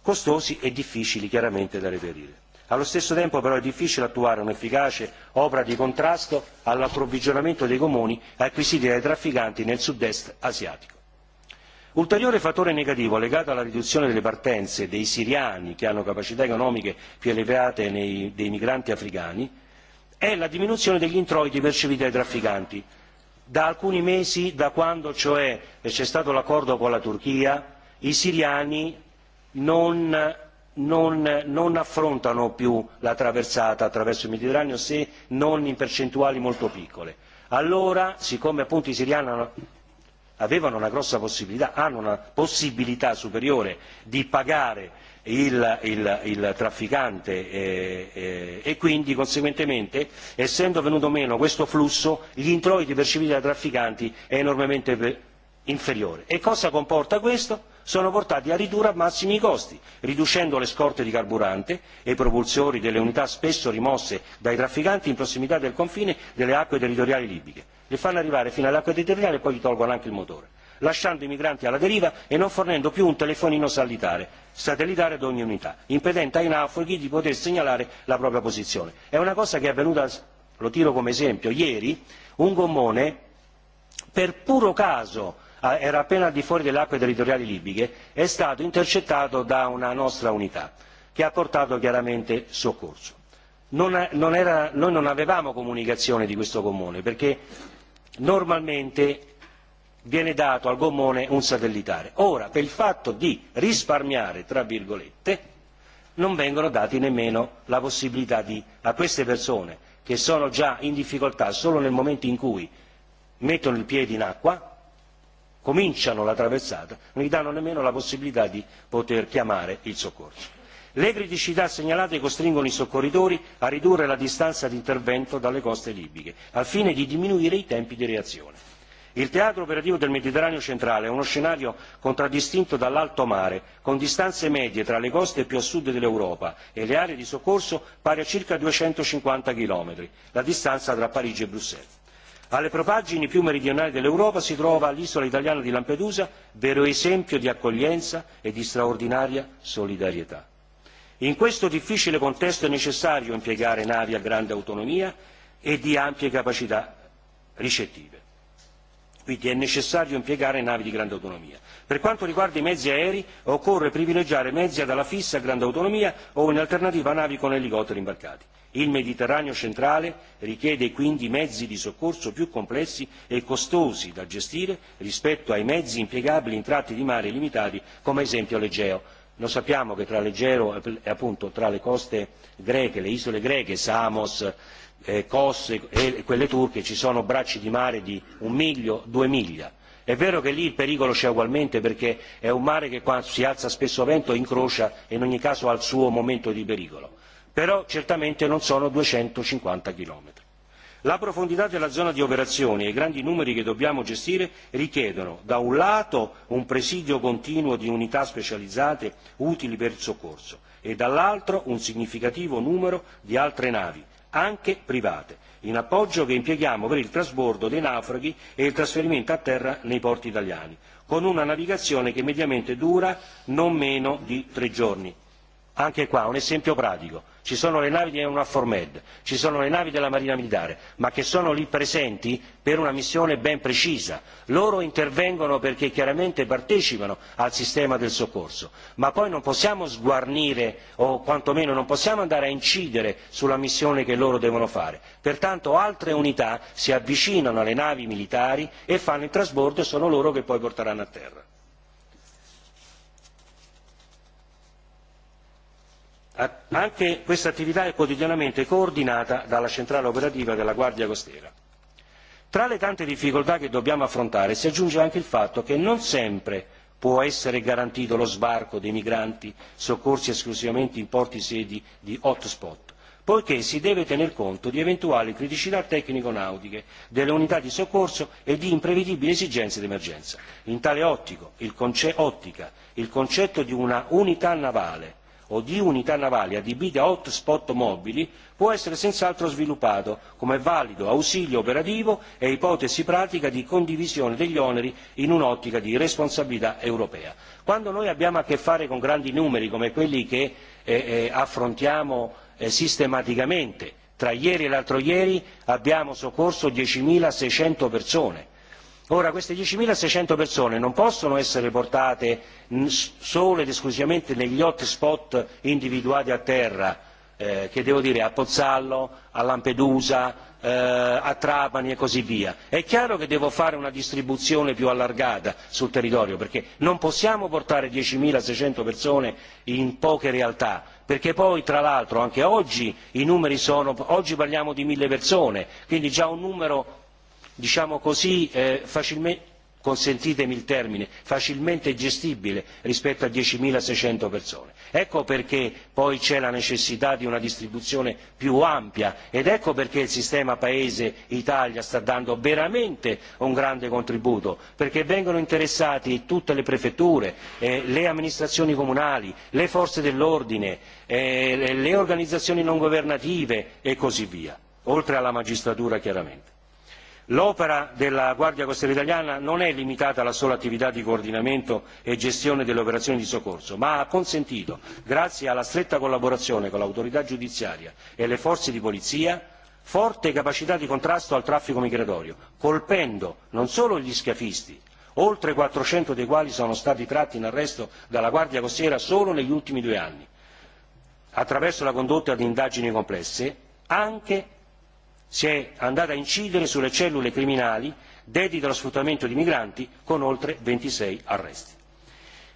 costosi e difficili chiaramente da reperire. Allo stesso tempo però è difficile attuare un'efficace opera di contrasto all'approvvigionamento dei gommoni acquisiti dai trafficanti nel sud-est asiatico. Ulteriore fattore negativo legato alla riduzione delle partenze dei siriani che hanno capacità economiche più elevate dei migranti africani è la diminuzione degli introiti percepiti dai trafficanti. Da alcuni mesi, da quando cioè c'è stato l'accordo con la Turchia, i siriani non, non, non affrontano più la traversata attraverso il Mediterraneo se non in percentuali molto piccole. Allora, siccome appunto i siriani avevano una grossa possibilità, hanno una possibilità superiore di pagare il, il, il trafficante eh, eh, e quindi conseguentemente essendo venuto meno questo flusso gli introiti percepiti dai trafficanti è enormemente inferiore. E cosa comporta questo? Sono portati a ridurre a massimi i costi, riducendo le scorte di carburante e i propulsori delle unità spesso rimosse dai trafficanti in prossimità del confine delle acque territoriali libiche. Le fanno arrivare fino alle acque territoriali e poi gli tolgono anche il motore lasciando i migranti alla deriva e non fornendo più un telefonino satellitare ad ogni unità impedendo ai naufraghi di poter segnalare la propria posizione. è una cosa che è avvenuta lo tiro come esempio ieri un gommone per puro caso era appena al di fuori delle acque territoriali libiche è stato intercettato da una nostra unità che ha portato chiaramente soccorso. noi non avevamo comunicazione di questo gommone perché normalmente viene dato al gommone un satellitare. Ora, per il fatto di risparmiare, tra virgolette, non vengono dati nemmeno la possibilità di, a queste persone che sono già in difficoltà solo nel momento in cui mettono il piede in acqua, cominciano la traversata, non gli danno nemmeno la possibilità di poter chiamare il soccorso. Le criticità segnalate costringono i soccorritori a ridurre la distanza di intervento dalle coste libiche, al fine di diminuire i tempi di reazione il teatro operativo del mediterraneo centrale è uno scenario contraddistinto dall'alto mare con distanze medie tra le coste più a sud dell'europa e le aree di soccorso pari a circa duecentocinquanta chilometri la distanza tra parigi e bruxelles. alle propaggini più meridionali dell'europa si trova l'isola italiana di lampedusa vero esempio di accoglienza e di straordinaria solidarietà. in questo difficile contesto è necessario impiegare navi a grande autonomia e di ampie capacità ricettive. Quindi è necessario impiegare navi di grande autonomia. Per quanto riguarda i mezzi aerei, occorre privilegiare mezzi ad ala fissa a grande autonomia o in alternativa navi con elicotteri imbarcati. Il Mediterraneo centrale richiede quindi mezzi di soccorso più complessi e costosi da gestire rispetto ai mezzi impiegabili in tratti di mare limitati, come ad esempio l'Egeo. Lo sappiamo che tra l'Egeo e appunto tra le coste greche, le isole greche, Samos, coste e quelle turche ci sono bracci di mare di un miglio, due miglia. È vero che lì il pericolo c'è ugualmente perché è un mare che quando si alza spesso vento incrocia e in ogni caso ha il suo momento di pericolo, però certamente non sono duecentocinquanta chilometri. La profondità della zona di operazioni e i grandi numeri che dobbiamo gestire richiedono da un lato un presidio continuo di unità specializzate utili per il soccorso e dall'altro un significativo numero di altre navi anche private, in appoggio che impieghiamo per il trasbordo dei naufraghi e il trasferimento a terra nei porti italiani, con una navigazione che mediamente dura non meno di tre giorni anche qua un esempio pratico ci sono le navi di eunavfor med ci sono le navi della marina militare ma che sono lì presenti per una missione ben precisa loro intervengono perché chiaramente partecipano al sistema del soccorso ma poi non possiamo sguarnire o quantomeno non possiamo andare a incidere sulla missione che loro devono fare pertanto altre unità si avvicinano alle navi militari e fanno il trasbordo e sono loro che poi porteranno a terra. Anche questa attività è quotidianamente coordinata dalla centrale operativa della Guardia Costiera. Tra le tante difficoltà che dobbiamo affrontare si aggiunge anche il fatto che non sempre può essere garantito lo sbarco dei migranti soccorsi esclusivamente in porti sedi di hotspot, poiché si deve tener conto di eventuali criticità tecnico-nautiche delle unità di soccorso e di imprevedibili esigenze d'emergenza. In tale ottica, il concetto di una unità navale o di unità navali adibite a hotspot mobili può essere senz'altro sviluppato come valido ausilio operativo e ipotesi pratica di condivisione degli oneri in un'ottica di responsabilità europea. quando noi abbiamo a che fare con grandi numeri come quelli che affrontiamo sistematicamente tra ieri e l'altro ieri abbiamo soccorso dieci seicento persone Ora, queste 10.600 persone non possono essere portate solo ed esclusivamente negli hot spot individuati a terra, che devo dire a Pozzallo, a Lampedusa, a Trapani e così via. È chiaro che devo fare una distribuzione più allargata sul territorio, perché non possiamo portare 10.600 persone in poche realtà, perché poi tra l'altro anche oggi i numeri sono, oggi parliamo di mille persone, quindi già un numero diciamo così facilmente consentitemi il termine facilmente gestibile rispetto a seicento persone. ecco perché poi c'è la necessità di una distribuzione più ampia ed ecco perché il sistema paese italia sta dando veramente un grande contributo perché vengono interessate tutte le prefetture le amministrazioni comunali le forze dell'ordine le organizzazioni non governative e così via oltre alla magistratura chiaramente l'opera della guardia costiera italiana non è limitata alla sola attività di coordinamento e gestione delle operazioni di soccorso ma ha consentito grazie alla stretta collaborazione con l'autorità giudiziaria e le forze di polizia forte capacità di contrasto al traffico migratorio colpendo non solo gli scafisti oltre quattrocento dei quali sono stati tratti in arresto dalla guardia costiera solo negli ultimi due anni attraverso la condotta di indagini complesse anche si è andata a incidere sulle cellule criminali dedite allo sfruttamento di migranti con oltre ventisei arresti.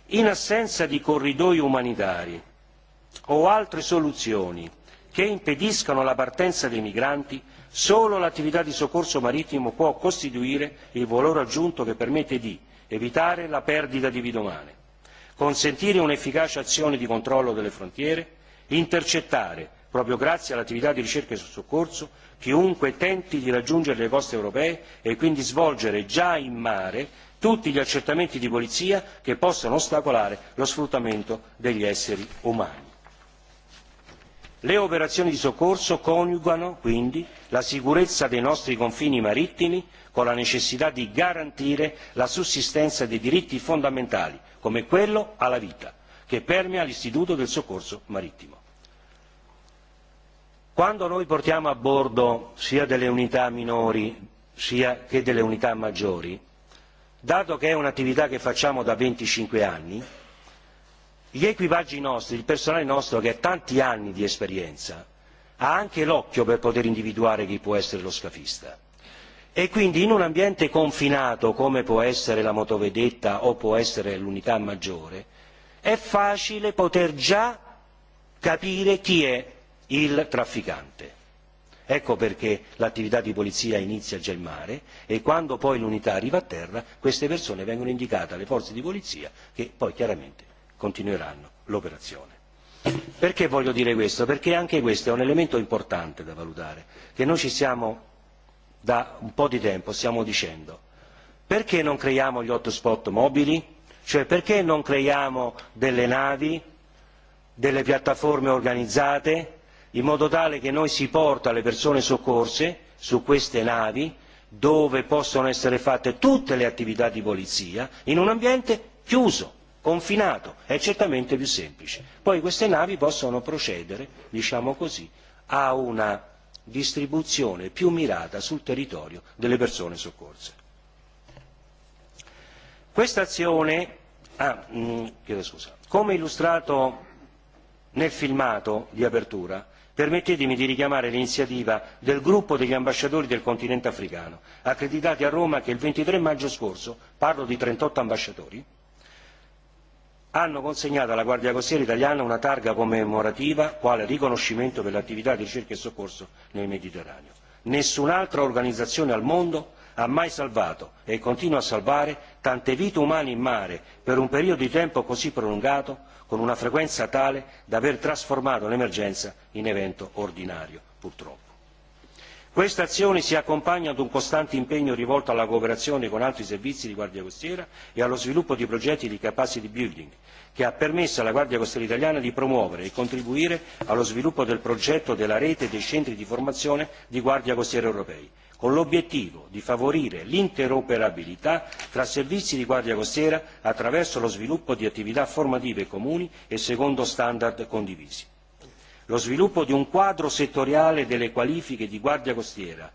in assenza di corridoi umanitari o altre soluzioni che impediscano la partenza dei migranti solo l'attività di soccorso marittimo può costituire il valore aggiunto che permette di evitare la perdita di vite umane consentire un'efficace azione di controllo delle frontiere intercettare proprio grazie all'attività di ricerca e soccorso chiunque tenti di raggiungere le coste europee e quindi svolgere già in mare tutti gli accertamenti di polizia che possano ostacolare lo sfruttamento degli esseri umani. Le operazioni di soccorso coniugano quindi la sicurezza dei nostri confini marittimi con la necessità di garantire la sussistenza dei diritti fondamentali come quello alla vita che permea l'istituto del soccorso marittimo. Quando noi portiamo a bordo sia delle unità minori sia che delle unità maggiori, dato che è un'attività che facciamo da 25 anni, gli equipaggi nostri, il personale nostro che ha tanti anni di esperienza, ha anche l'occhio per poter individuare chi può essere lo scafista. E quindi in un ambiente confinato come può essere la motovedetta o può essere l'unità maggiore, è facile poter già capire chi è il trafficante. Ecco perché l'attività di polizia inizia già in mare e quando poi l'unità arriva a terra queste persone vengono indicate alle forze di polizia che poi chiaramente continueranno l'operazione. Perché voglio dire questo? Perché anche questo è un elemento importante da valutare, che noi ci stiamo da un po' di tempo stiamo dicendo perché non creiamo gli hotspot mobili? Cioè perché non creiamo delle navi, delle piattaforme organizzate in modo tale che noi si porta le persone soccorse su queste navi dove possono essere fatte tutte le attività di polizia in un ambiente chiuso confinato è certamente più semplice. poi queste navi possono procedere diciamo così a una distribuzione più mirata sul territorio delle persone soccorse. Questa azione, ah, chiedo scusa, come illustrato nel filmato di apertura, permettetemi di richiamare l'iniziativa del gruppo degli ambasciatori del continente africano accreditati a roma che il ventitré maggio scorso parlo di trentotto ambasciatori hanno consegnato alla guardia costiera italiana una targa commemorativa quale riconoscimento per l'attività di ricerca e soccorso nel mediterraneo. nessun'altra organizzazione al mondo ha mai salvato e continua a salvare tante vite umane in mare per un periodo di tempo così prolungato con una frequenza tale da aver trasformato l'emergenza in evento ordinario purtroppo. Queste azioni si accompagna ad un costante impegno rivolto alla cooperazione con altri servizi di Guardia Costiera e allo sviluppo di progetti di capacity building, che ha permesso alla Guardia Costiera italiana di promuovere e contribuire allo sviluppo del progetto della rete dei centri di formazione di Guardia Costiera europei, con l'obiettivo di favorire l'interoperabilità tra servizi di guardia costiera attraverso lo sviluppo di attività formative comuni e secondo standard condivisi. Lo sviluppo di un quadro settoriale delle qualifiche di guardia costiera,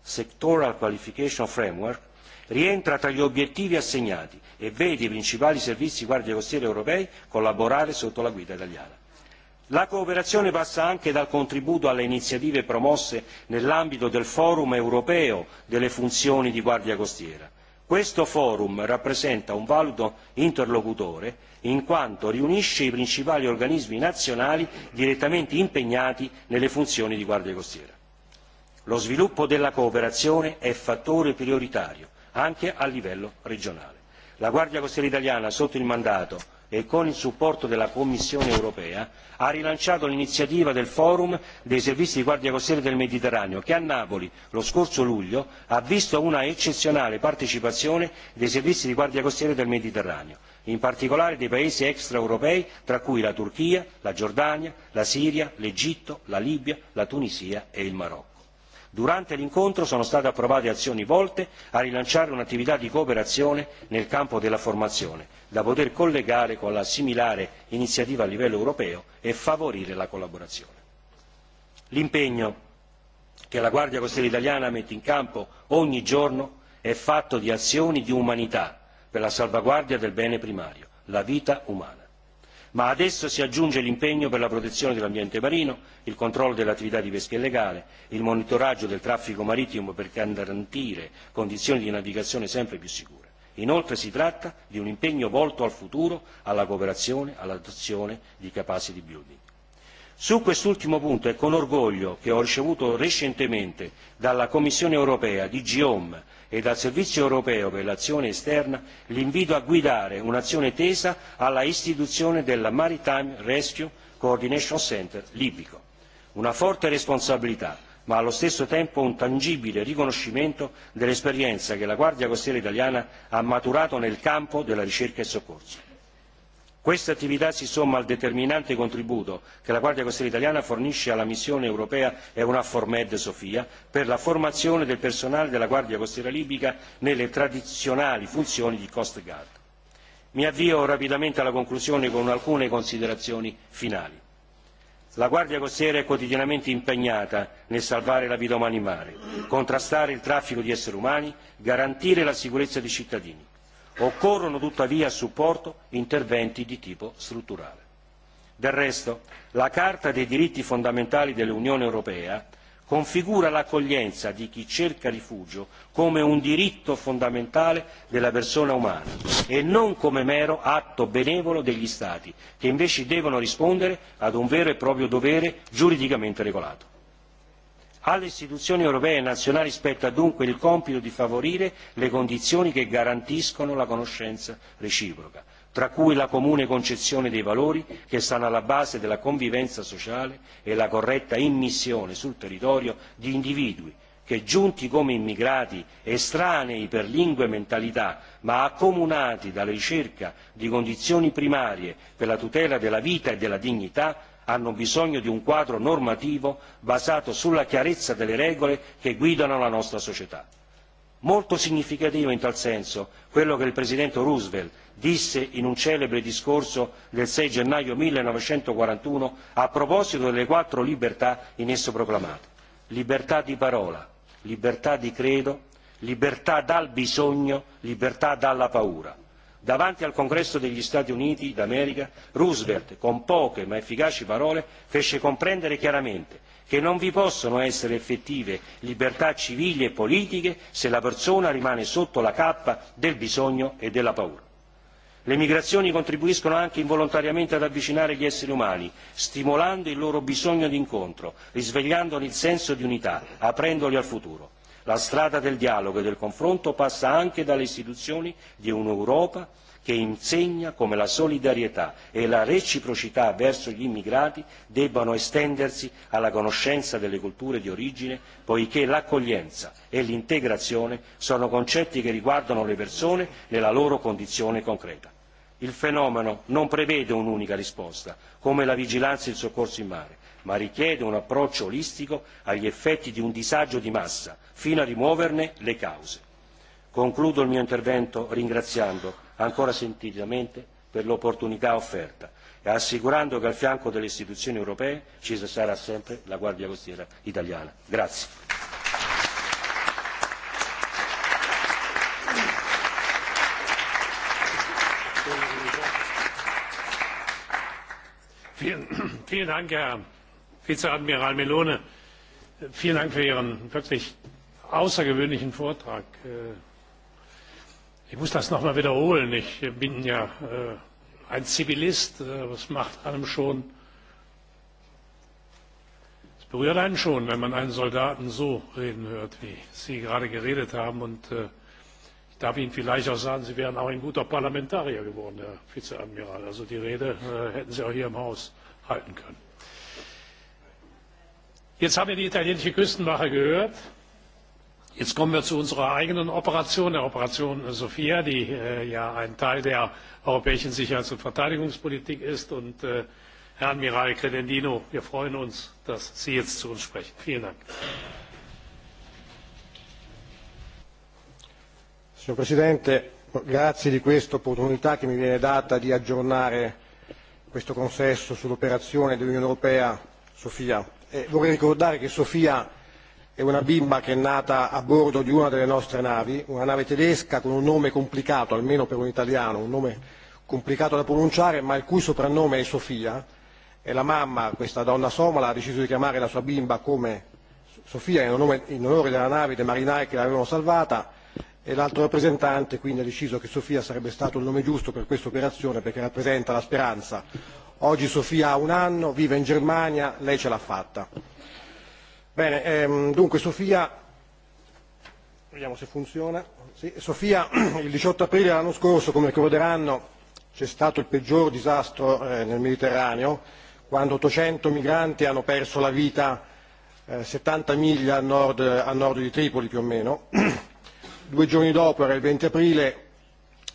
Sectoral Qualification Framework, rientra tra gli obiettivi assegnati e vede i principali servizi di guardia costiera europei collaborare sotto la guida italiana la cooperazione passa anche dal contributo alle iniziative promosse nell'ambito del forum europeo delle funzioni di guardia costiera questo forum rappresenta un valido interlocutore in quanto riunisce i principali organismi nazionali direttamente impegnati nelle funzioni di guardia costiera. lo sviluppo della cooperazione è fattore prioritario anche a livello regionale. la guardia costiera italiana sotto il mandato e con il supporto della Commissione europea, ha rilanciato l'iniziativa del Forum dei servizi di guardia costiera del Mediterraneo, che a Napoli lo scorso luglio ha visto una eccezionale partecipazione dei servizi di guardia costiera del Mediterraneo, in particolare dei paesi extraeuropei tra cui la Turchia, la Giordania, la Siria, l'Egitto, la Libia, la Tunisia e il Marocco durante l'incontro sono state approvate azioni volte a rilanciare un'attività di cooperazione nel campo della formazione da poter collegare con la similare iniziativa a livello europeo e favorire la collaborazione. l'impegno che la guardia costiera italiana mette in campo ogni giorno è fatto di azioni di umanità per la salvaguardia del bene primario la vita umana ma ad esso si aggiunge l'impegno per la protezione dell'ambiente marino il controllo delle attività di pesca illegale il monitoraggio del traffico marittimo per garantire condizioni di navigazione sempre più sicure. inoltre si tratta di un impegno volto al futuro alla cooperazione all'adozione di capacity building. su quest'ultimo punto è con orgoglio che ho ricevuto recentemente dalla commissione europea dg home e dal servizio europeo per l'azione esterna l'invito a guidare un'azione tesa alla istituzione del maritime rescue coordination centre libico una forte responsabilità ma allo stesso tempo un tangibile riconoscimento dell'esperienza che la guardia costiera italiana ha maturato nel campo della ricerca e soccorso questa attività si somma al determinante contributo che la guardia costiera italiana fornisce alla missione europea eunavfor med sophia per la formazione del personale della guardia costiera libica nelle tradizionali funzioni di coast guard. mi avvio rapidamente alla conclusione con alcune considerazioni finali. la guardia costiera è quotidianamente impegnata nel salvare la vita umana in mare contrastare il traffico di esseri umani garantire la sicurezza dei cittadini Occorrono tuttavia a supporto interventi di tipo strutturale. Del resto, la Carta dei diritti fondamentali dell'Unione europea configura l'accoglienza di chi cerca rifugio come un diritto fondamentale della persona umana e non come mero atto benevolo degli Stati, che invece devono rispondere ad un vero e proprio dovere giuridicamente regolato alle istituzioni europee e nazionali spetta dunque il compito di favorire le condizioni che garantiscono la conoscenza reciproca tra cui la comune concezione dei valori che stanno alla base della convivenza sociale e la corretta immissione sul territorio di individui che giunti come immigrati estranei per lingua e mentalità ma accomunati dalla ricerca di condizioni primarie per la tutela della vita e della dignità hanno bisogno di un quadro normativo basato sulla chiarezza delle regole che guidano la nostra società. molto significativo in tal senso quello che il presidente roosevelt disse in un celebre discorso del sei gennaio millenovecentoquarantuno a proposito delle quattro libertà in esso proclamate libertà di parola libertà di credo libertà dal bisogno libertà dalla paura davanti al congresso degli stati uniti d'america roosevelt con poche ma efficaci parole fece comprendere chiaramente che non vi possono essere effettive libertà civili e politiche se la persona rimane sotto la cappa del bisogno e della paura. le migrazioni contribuiscono anche involontariamente ad avvicinare gli esseri umani stimolando il loro bisogno d'incontro risvegliandone il senso di unità aprendoli al futuro la strada del dialogo e del confronto passa anche dalle istituzioni di un'europa che insegna come la solidarietà e la reciprocità verso gli immigrati debbano estendersi alla conoscenza delle culture di origine poiché l'accoglienza e l'integrazione sono concetti che riguardano le persone nella loro condizione concreta. il fenomeno non prevede un'unica risposta come la vigilanza e il soccorso in mare ma richiede un approccio olistico agli effetti di un disagio di massa fino a rimuoverne le cause. Concludo il mio intervento ringraziando ancora sentitamente per l'opportunità offerta e assicurando che al fianco delle istituzioni europee ci sarà sempre la Guardia Costiera italiana. Grazie. Vielen Dank, Herr Vizeadmiral Melone. Vielen Dank für Ihren wirklich außergewöhnlichen Vortrag. Ich muss das noch mal wiederholen. Ich bin ja ein Zivilist. Das macht einem schon, es berührt einen schon, wenn man einen Soldaten so reden hört, wie Sie gerade geredet haben. Und ich darf Ihnen vielleicht auch sagen, Sie wären auch ein guter Parlamentarier geworden, Herr Vizeadmiral. Also die Rede hätten Sie auch hier im Haus halten können. Jetzt haben wir die italienische Küstenwache gehört jetzt kommen wir zu unserer eigenen operation der operation sophia die ja ein teil der europäischen sicherheits und verteidigungspolitik ist. herr admiral Credendino, wir freuen uns dass sie jetzt zu uns sprechen. vielen dank! signor presidente grazie di questa opportunità che mi viene data di aggiornare questo consesso sull'operazione dell'unione europea sophia. vorrei ricordare che sophia è una bimba che è nata a bordo di una delle nostre navi, una nave tedesca con un nome complicato, almeno per un italiano, un nome complicato da pronunciare, ma il cui soprannome è Sofia, e la mamma, questa donna somala, ha deciso di chiamare la sua bimba come Sofia in, nome, in onore della nave dei marinai che l'avevano salvata e l'altro rappresentante quindi ha deciso che Sofia sarebbe stato il nome giusto per questa operazione perché rappresenta la speranza. Oggi Sofia ha un anno, vive in Germania, lei ce l'ha fatta Bene, ehm, dunque Sofia, vediamo se funziona, sì, Sofia il 18 aprile dell'anno scorso, come ricorderanno, c'è stato il peggior disastro eh, nel Mediterraneo, quando 800 migranti hanno perso la vita eh, 70 miglia a nord, a nord di Tripoli più o meno. Due giorni dopo, era il 20 aprile,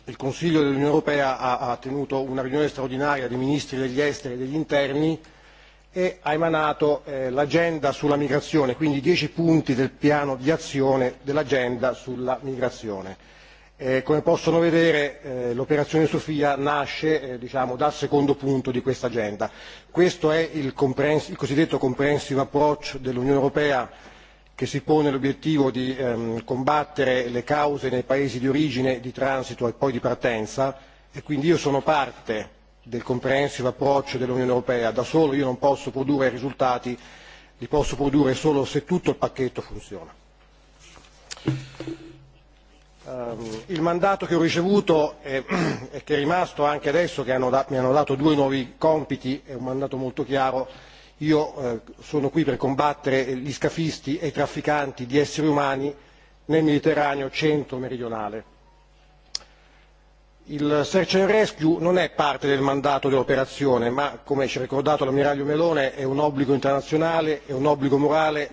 il Consiglio dell'Unione Europea ha, ha tenuto una riunione straordinaria dei ministri degli esteri e degli interni e ha emanato l'agenda sulla migrazione, quindi i dieci punti del piano di azione dell'agenda sulla migrazione. come possono vedere l'operazione Sofia nasce diciamo, dal secondo punto di questa agenda. Questo è il, il cosiddetto comprehensive approach dell'Unione Europea che si pone l'obiettivo di combattere le cause nei paesi di origine, di transito e poi di partenza e quindi io sono parte del comprehensive approach dell'Unione Europea. Da solo io non posso produrre risultati, li posso produrre solo se tutto il pacchetto funziona. Il mandato che ho ricevuto e che è rimasto anche adesso, che mi hanno dato due nuovi compiti, è un mandato molto chiaro. Io sono qui per combattere gli scafisti e i trafficanti di esseri umani nel Mediterraneo centro-meridionale Il search and rescue non è parte del mandato dell'operazione, ma, come ci ha ricordato l'ammiraglio Melone, è un obbligo internazionale, è un obbligo morale.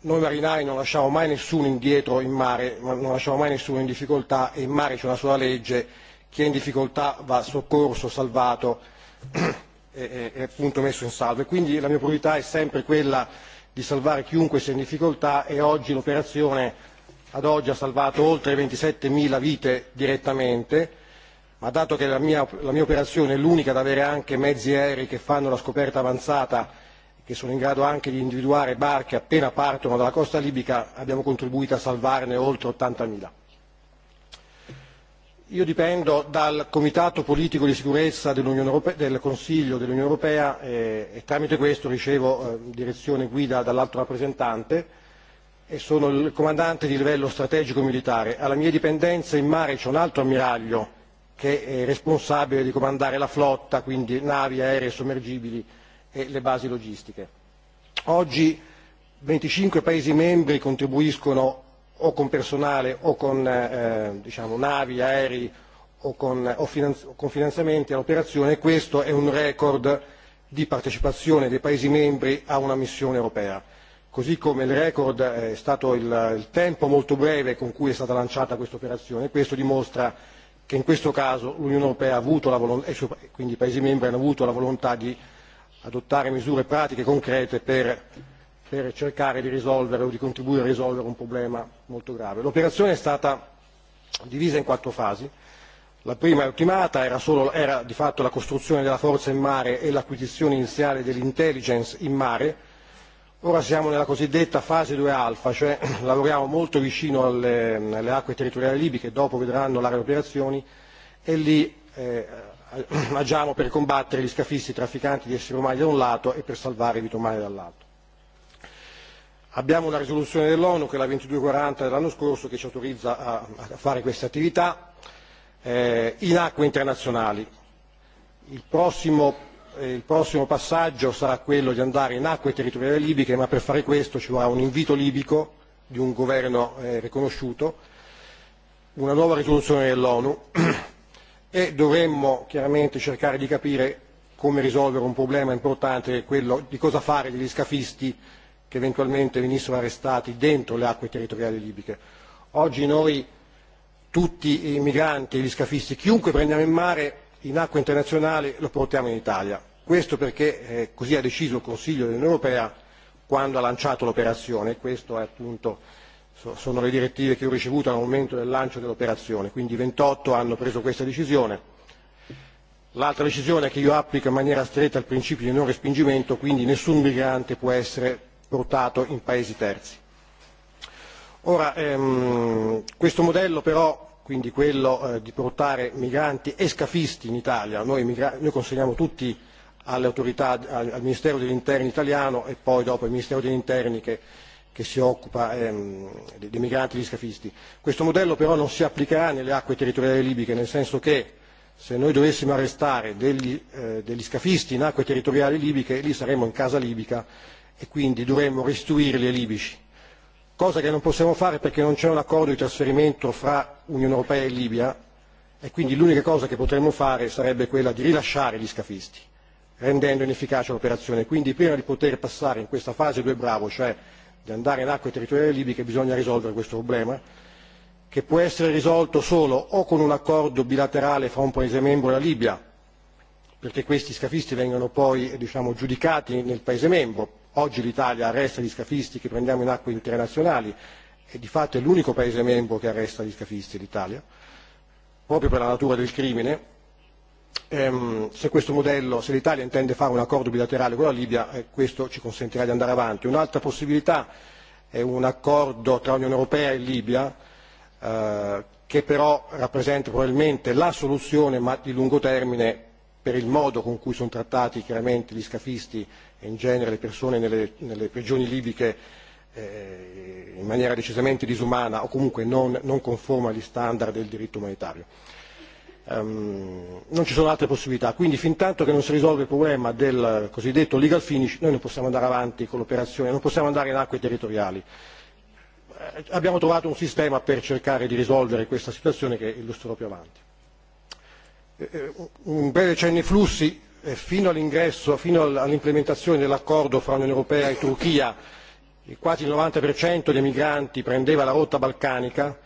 Noi marinai non lasciamo mai nessuno indietro in mare, non lasciamo mai nessuno in difficoltà e in mare c'è una sola legge, chi è in difficoltà va soccorso, salvato e, e appunto messo in salvo. E quindi la mia priorità è sempre quella di salvare chiunque sia in difficoltà e oggi l'operazione ad oggi ha salvato oltre 27.000 vite direttamente, ma dato che la mia, la mia operazione è l'unica ad avere anche mezzi aerei che fanno la scoperta avanzata e che sono in grado anche di individuare barche appena partono dalla costa libica, abbiamo contribuito a salvarne oltre 80.000. Io dipendo dal Comitato politico di sicurezza del Consiglio dell'Unione Europea e, tramite questo ricevo direzione guida dall'alto rappresentante e sono il comandante di livello strategico militare. Alla mia dipendenza in mare c'è un altro ammiraglio che è responsabile di comandare la flotta, quindi navi, aeree, sommergibili e le basi logistiche. Oggi 25 Paesi membri contribuiscono o con personale o con eh, diciamo, navi, aerei o con, o finanzi- con finanziamenti all'operazione e questo è un record di partecipazione dei Paesi membri a una missione europea così come il record è stato il, il tempo molto breve con cui è stata lanciata questa operazione. Questo dimostra che in questo caso l'Unione Europea ha avuto la volontà, quindi i Paesi membri hanno avuto la volontà di adottare misure pratiche concrete per, per cercare di risolvere o di contribuire a risolvere un problema molto grave. L'operazione è stata divisa in quattro fasi. La prima e ultimata era, solo, era di fatto la costruzione della forza in mare e l'acquisizione iniziale dell'intelligence in mare, Ora siamo nella cosiddetta fase 2 alfa, cioè lavoriamo molto vicino alle, alle acque territoriali libiche, dopo vedranno l'area operazioni e lì eh, agiamo per combattere gli scafisti trafficanti di esseri umani da un lato e per salvare vite umane dall'altro. Abbiamo una risoluzione dell'ONU, che è la 2240 dell'anno scorso, che ci autorizza a, a fare queste attività eh, in acque internazionali. Il prossimo il prossimo passaggio sarà quello di andare in acque territoriali libiche, ma per fare questo ci vorrà un invito libico di un governo eh, riconosciuto, una nuova risoluzione dell'ONU e dovremmo chiaramente cercare di capire come risolvere un problema importante che è quello di cosa fare degli scafisti che eventualmente venissero arrestati dentro le acque territoriali libiche. Oggi noi tutti i migranti e gli scafisti, chiunque prendiamo in mare, in acqua internazionale lo portiamo in Italia. Questo perché così ha deciso il Consiglio dell'Unione Europea quando ha lanciato l'operazione. Questo è appunto, sono le direttive che ho ricevuto al momento del lancio dell'operazione, quindi 28 hanno preso questa decisione. L'altra decisione è che io applico in maniera stretta il principio di non respingimento, quindi nessun migrante può essere portato in paesi terzi. Ora, ehm, questo modello però quindi quello di portare migranti e scafisti in Italia. Noi, consegniamo tutti alle autorità, al Ministero degli Interni italiano e poi dopo al Ministero degli Interni che, si occupa dei migranti e degli scafisti. Questo modello però non si applicherà nelle acque territoriali libiche, nel senso che se noi dovessimo arrestare degli, degli scafisti in acque territoriali libiche, lì saremmo in casa libica e quindi dovremmo restituirli ai libici cosa che non possiamo fare perché non c'è un accordo di trasferimento fra Unione Europea e Libia e quindi l'unica cosa che potremmo fare sarebbe quella di rilasciare gli scafisti, rendendo inefficace l'operazione. Quindi prima di poter passare in questa fase due bravo, cioè di andare in acque territoriali libiche, bisogna risolvere questo problema, che può essere risolto solo o con un accordo bilaterale fra un Paese membro e la Libia, perché questi scafisti vengono poi diciamo, giudicati nel Paese membro, Oggi l'Italia arresta gli scafisti che prendiamo in acque internazionali e di fatto è l'unico Paese membro che arresta gli scafisti l'Italia, proprio per la natura del crimine. Ehm, se questo modello, se l'Italia intende fare un accordo bilaterale con la Libia, eh, questo ci consentirà di andare avanti. Un'altra possibilità è un accordo tra Unione Europea e Libia, eh, che però rappresenta probabilmente la soluzione ma di lungo termine per il modo con cui sono trattati chiaramente gli scafisti e in genere le persone nelle, nelle prigioni libiche eh, in maniera decisamente disumana o comunque non, non conforme agli standard del diritto umanitario. Um, non ci sono altre possibilità, quindi fin tanto che non si risolve il problema del cosiddetto legal finish noi non possiamo andare avanti con l'operazione, non possiamo andare in acque territoriali. Abbiamo trovato un sistema per cercare di risolvere questa situazione che illustrerò più avanti. Un breve cenno ai flussi, fino all'ingresso, fino all'implementazione dell'accordo fra Unione Europea e Turchia, quasi il 90% dei migranti prendeva la rotta balcanica,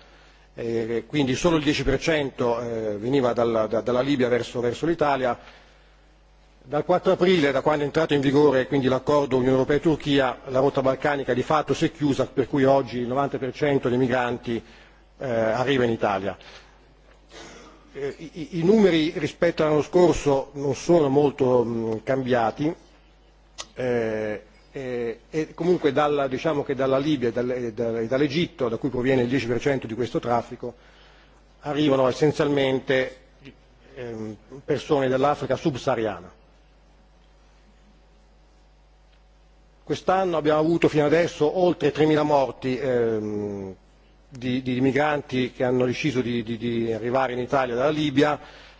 e quindi solo il 10% veniva dalla, dalla Libia verso, verso l'Italia. Dal 4 aprile, da quando è entrato in vigore quindi l'accordo Unione Europea-Turchia, la rotta balcanica di fatto si è chiusa, per cui oggi il 90% dei migranti eh, arriva in Italia i numeri rispetto all'anno scorso non sono molto cambiati e comunque dalla, diciamo che dalla Libia e dall'Egitto, da cui proviene il 10% di questo traffico, arrivano essenzialmente persone dall'Africa subsahariana. Quest'anno abbiamo avuto fino adesso oltre 3.000 morti di, di migranti che hanno deciso di, di, di arrivare in Italia dalla Libia,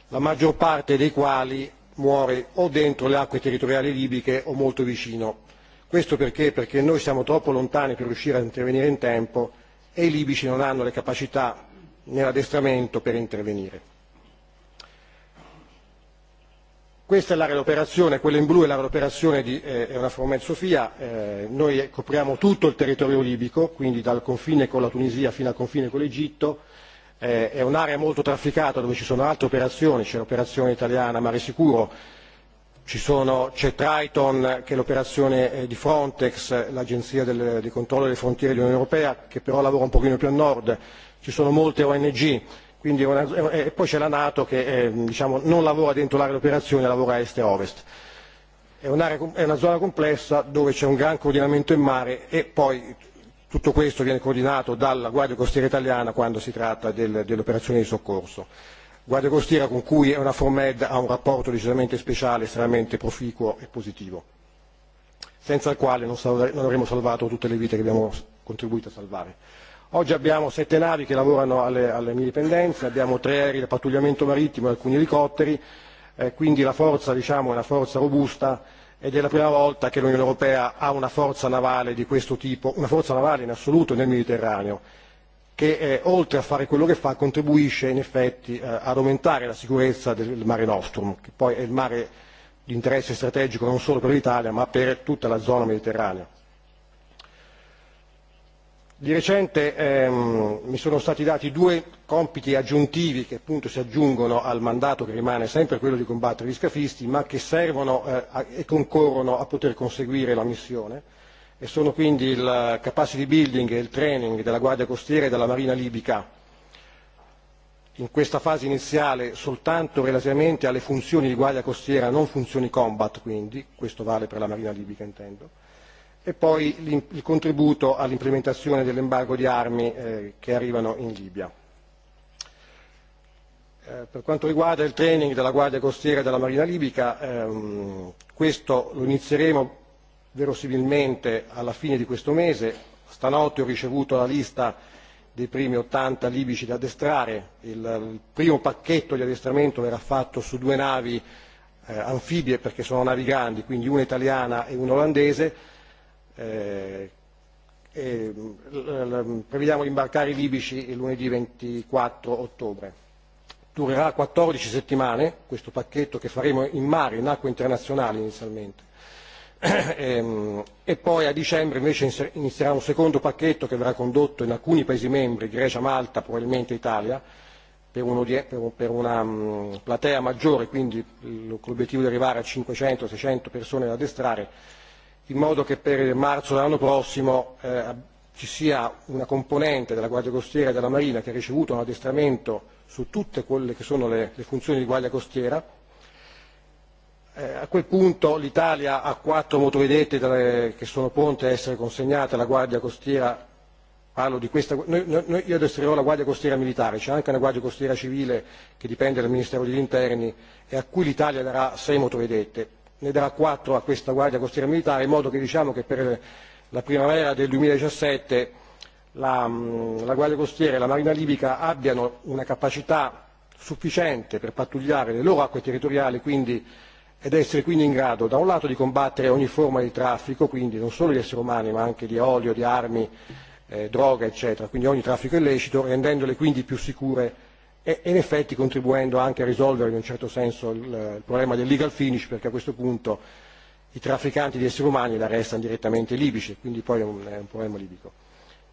la maggior parte dei quali muore o dentro le acque territoriali libiche o molto vicino. Questo perché? Perché noi siamo troppo lontani per riuscire a intervenire in tempo e i libici non hanno le capacità nell'addestramento per intervenire. Questa è l'area d'operazione, quella in blu è l'area d'operazione di eh, Sofia, eh, noi copriamo tutto il territorio libico, quindi dal confine con la Tunisia fino al confine con l'Egitto, eh, è un'area molto trafficata dove ci sono altre operazioni, c'è l'operazione italiana Mare Sicuro, ci sono, c'è Triton che è l'operazione di Frontex, l'agenzia del, di controllo delle frontiere dell'Unione Europea, che però lavora un pochino più a nord, ci sono molte ONG, Quindi una, e poi c'è la Nato che eh, diciamo, non lavora dentro l'area di operazione, lavora a est e ovest. È, è una zona complessa dove c'è un gran coordinamento in mare e poi tutto questo viene coordinato dalla Guardia Costiera italiana quando si tratta del, delle operazioni di soccorso. Guardia Costiera con cui una Formed ha un rapporto decisamente speciale, estremamente proficuo e positivo, senza il quale non, salve, non avremmo salvato tutte le vite che abbiamo contribuito a salvare. Oggi abbiamo sette navi che lavorano alle, alle mie dipendenze, abbiamo tre aerei da pattugliamento marittimo e alcuni elicotteri, eh, quindi la forza diciamo, è una forza robusta ed è la prima volta che l'Unione Europea ha una forza navale di questo tipo, una forza navale in assoluto nel Mediterraneo, che eh, oltre a fare quello che fa contribuisce in effetti eh, ad aumentare la sicurezza del mare Nostrum, che poi è il mare di interesse strategico non solo per l'Italia ma per tutta la zona mediterranea Di recente ehm, mi sono stati dati due compiti aggiuntivi che appunto si aggiungono al mandato che rimane sempre quello di combattere gli scafisti ma che servono eh, a, e concorrono a poter conseguire la missione e sono quindi il capacity building e il training della Guardia Costiera e della Marina Libica. In questa fase iniziale soltanto relativamente alle funzioni di Guardia Costiera, non funzioni combat quindi, questo vale per la Marina Libica intendo, e poi il contributo all'implementazione dell'embargo di armi che arrivano in Libia. Per quanto riguarda il training della Guardia Costiera e della Marina Libica, questo lo inizieremo verosimilmente alla fine di questo mese. Stanotte ho ricevuto la lista dei primi 80 libici da addestrare. Il primo pacchetto di addestramento verrà fatto su due navi anfibie perché sono navi grandi, quindi una italiana e una olandese eh, e, prevediamo di imbarcare i libici il lunedì 24 ottobre. Durerà 14 settimane questo pacchetto che faremo in mare, in acque internazionali inizialmente. E poi a dicembre invece inizierà un secondo pacchetto che verrà condotto in alcuni Paesi membri, Grecia, Malta, probabilmente Italia, per, uno di, per, per una um, platea maggiore, quindi l'obiettivo di arrivare a 500-600 persone da addestrare in modo che per marzo dell'anno prossimo ci sia una componente della Guardia Costiera e della Marina che ha ricevuto un addestramento su tutte quelle che sono le, le funzioni di Guardia Costiera. Eh, a quel punto l'Italia ha quattro motovedette dalle, che sono pronte a essere consegnate alla Guardia Costiera. Parlo di questa, noi, noi, io addestrerò la Guardia Costiera militare, c'è anche una Guardia Costiera civile che dipende dal Ministero degli Interni e a cui l'Italia darà sei motovedette ne darà quattro a questa Guardia Costiera Militare, in modo che diciamo che per la primavera del 2017 la, la Guardia Costiera e la Marina Libica abbiano una capacità sufficiente per pattugliare le loro acque territoriali quindi, ed essere quindi in grado da un lato di combattere ogni forma di traffico, quindi non solo di esseri umani ma anche di olio, di armi, eh, droga eccetera, quindi ogni traffico illecito, rendendole quindi più sicure e in effetti contribuendo anche a risolvere in un certo senso il, il problema del legal finish perché a questo punto i trafficanti di esseri umani la restano direttamente libici, quindi poi è un, è un problema libico.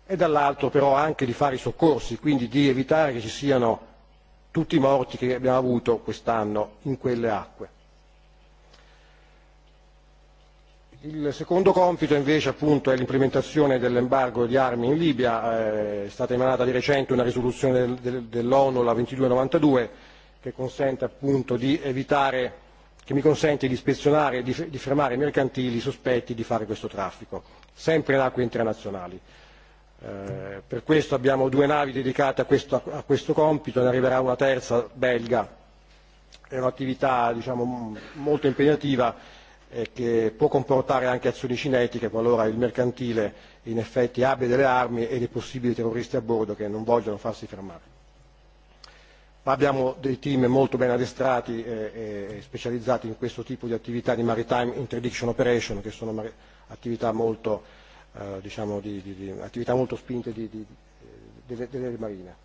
E dall'altro però anche di fare i soccorsi, quindi di evitare che ci siano tutti i morti che abbiamo avuto quest'anno in quelle acque. Il secondo compito invece appunto è l'implementazione dell'embargo di armi in Libia, è stata emanata di recente una risoluzione dell'ONU, la 2292, che consente appunto di evitare che mi consente di ispezionare e di fermare i mercantili sospetti di fare questo traffico, sempre in acque internazionali. per questo abbiamo due navi dedicate a questo, a questo compito, ne arriverà una terza belga. È un'attività diciamo, molto impegnativa che può comportare anche azioni cinetiche qualora il mercantile in effetti abbia delle armi e dei possibili terroristi a bordo che non vogliono farsi fermare. Abbiamo dei team molto ben addestrati e specializzati in questo tipo di attività di maritime interdiction operation, che sono attività molto, eh, diciamo di, di, di, attività molto spinte di, di, delle, delle marine.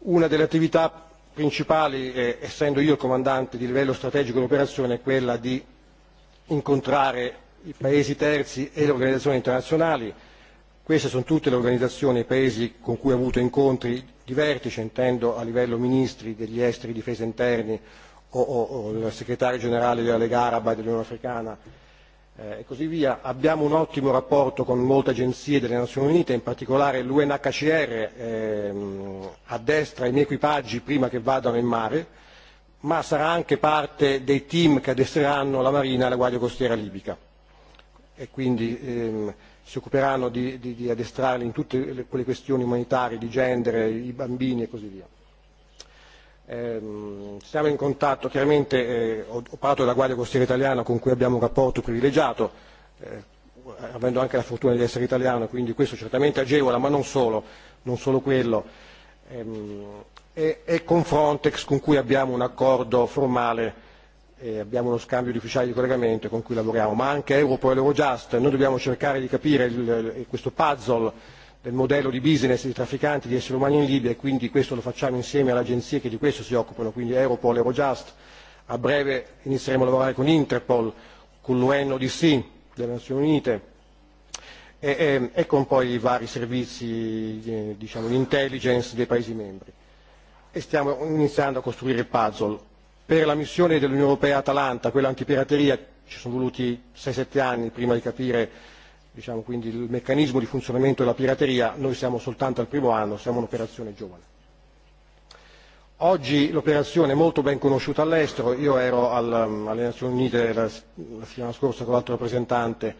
Una delle attività principali, eh, essendo io il comandante di livello strategico dell'operazione, è quella di incontrare i paesi terzi e le organizzazioni internazionali. Queste sono tutte le organizzazioni e i paesi con cui ho avuto incontri di vertice, intendo a livello ministri degli esteri, difesa interni o, o, o il segretario generale della Lega Araba e dell'Unione Africana eh, e così via. Abbiamo un ottimo rapporto con molte agenzie delle Nazioni Unite, in particolare l'UNHCR ehm, a destra i miei equipaggi prima che vadano in mare ma sarà anche parte dei team che addestreranno la Marina e la Guardia Costiera libica e quindi ehm, si occuperanno di, di, di addestrarli in tutte le, quelle questioni umanitarie di genere, i bambini e così via. Eh, siamo in contatto, chiaramente eh, ho, ho parlato della Guardia Costiera italiana con cui abbiamo un rapporto privilegiato, eh, avendo anche la fortuna di essere italiano, quindi questo certamente agevola, ma non solo, non solo quello. Eh, e, con Frontex con cui abbiamo un accordo formale e abbiamo uno scambio di ufficiali di collegamento con cui lavoriamo, ma anche Europol e Eurojust. Noi dobbiamo cercare di capire il, questo puzzle del modello di business di trafficanti di esseri umani in Libia e quindi questo lo facciamo insieme alle agenzie che di questo si occupano, quindi Europol, Eurojust. A breve inizieremo a lavorare con Interpol, con l'UNODC delle Nazioni Unite e, e, e con poi i vari servizi diciamo, di intelligence dei Paesi membri e stiamo iniziando a costruire il puzzle. Per la missione dell'Unione Europea Atalanta, quella antipirateria, ci sono voluti 6-7 anni prima di capire diciamo, quindi il meccanismo di funzionamento della pirateria, noi siamo soltanto al primo anno, siamo un'operazione giovane. Oggi l'operazione è molto ben conosciuta all'estero, io ero al, alle Nazioni Unite la, la settimana scorsa con l'altro rappresentante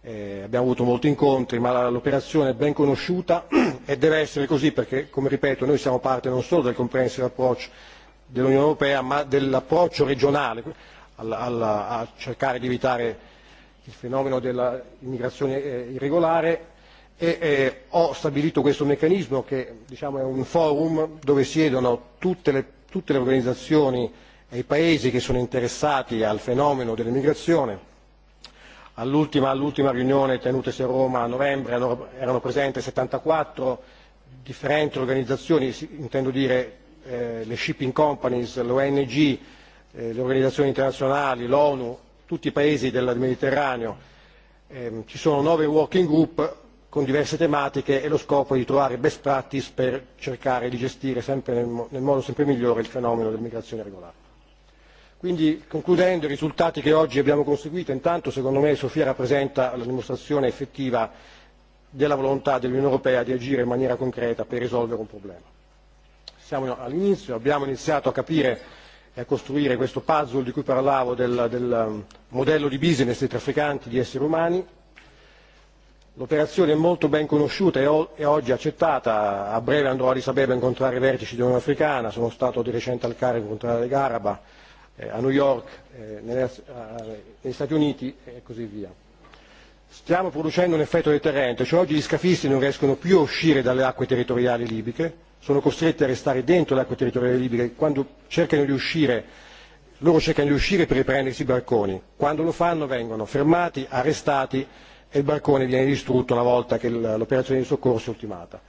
eh, abbiamo avuto molti incontri, ma l'operazione è ben conosciuta e deve essere così perché, come ripeto, noi siamo parte non solo del comprehensive approach dell'Unione Europea, ma dell'approccio regionale alla, alla, a cercare di evitare il fenomeno dell'immigrazione eh, irregolare e eh, ho stabilito questo meccanismo che diciamo, è un forum dove siedono tutte le, tutte le organizzazioni e i paesi che sono interessati al fenomeno dell'immigrazione All'ultima, all'ultima riunione tenutasi a Roma a novembre erano, erano presenti 74 differenti organizzazioni, intendo dire eh, le shipping companies, l'ONG, eh, le organizzazioni internazionali, l'ONU, tutti i paesi del Mediterraneo. Eh, ci sono nove working group con diverse tematiche e lo scopo è di trovare best practice per cercare di gestire sempre nel, nel modo sempre migliore il fenomeno dell'immigrazione regolare. Quindi, concludendo, i risultati che oggi abbiamo conseguito, intanto secondo me Sofia rappresenta la dimostrazione effettiva della volontà dell'Unione Europea di agire in maniera concreta per risolvere un problema. Siamo all'inizio, abbiamo iniziato a capire e a costruire questo puzzle di cui parlavo del, del modello di business dei trafficanti di esseri umani. L'operazione è molto ben conosciuta e oggi accettata. A breve andrò a Risabeba a incontrare i vertici dell'Unione Africana, sono stato di recente al Cairo a incontrare Garaba eh, a New York, eh, nelle, eh, negli Stati Uniti e così via. Stiamo producendo un effetto deterrente, cioè oggi gli scafisti non riescono più a uscire dalle acque territoriali libiche, sono costretti a restare dentro le acque territoriali libiche, quando cercano di uscire loro cercano di uscire per riprendersi i barconi, quando lo fanno vengono fermati, arrestati e il barcone viene distrutto una volta che l'operazione di soccorso è ultimata.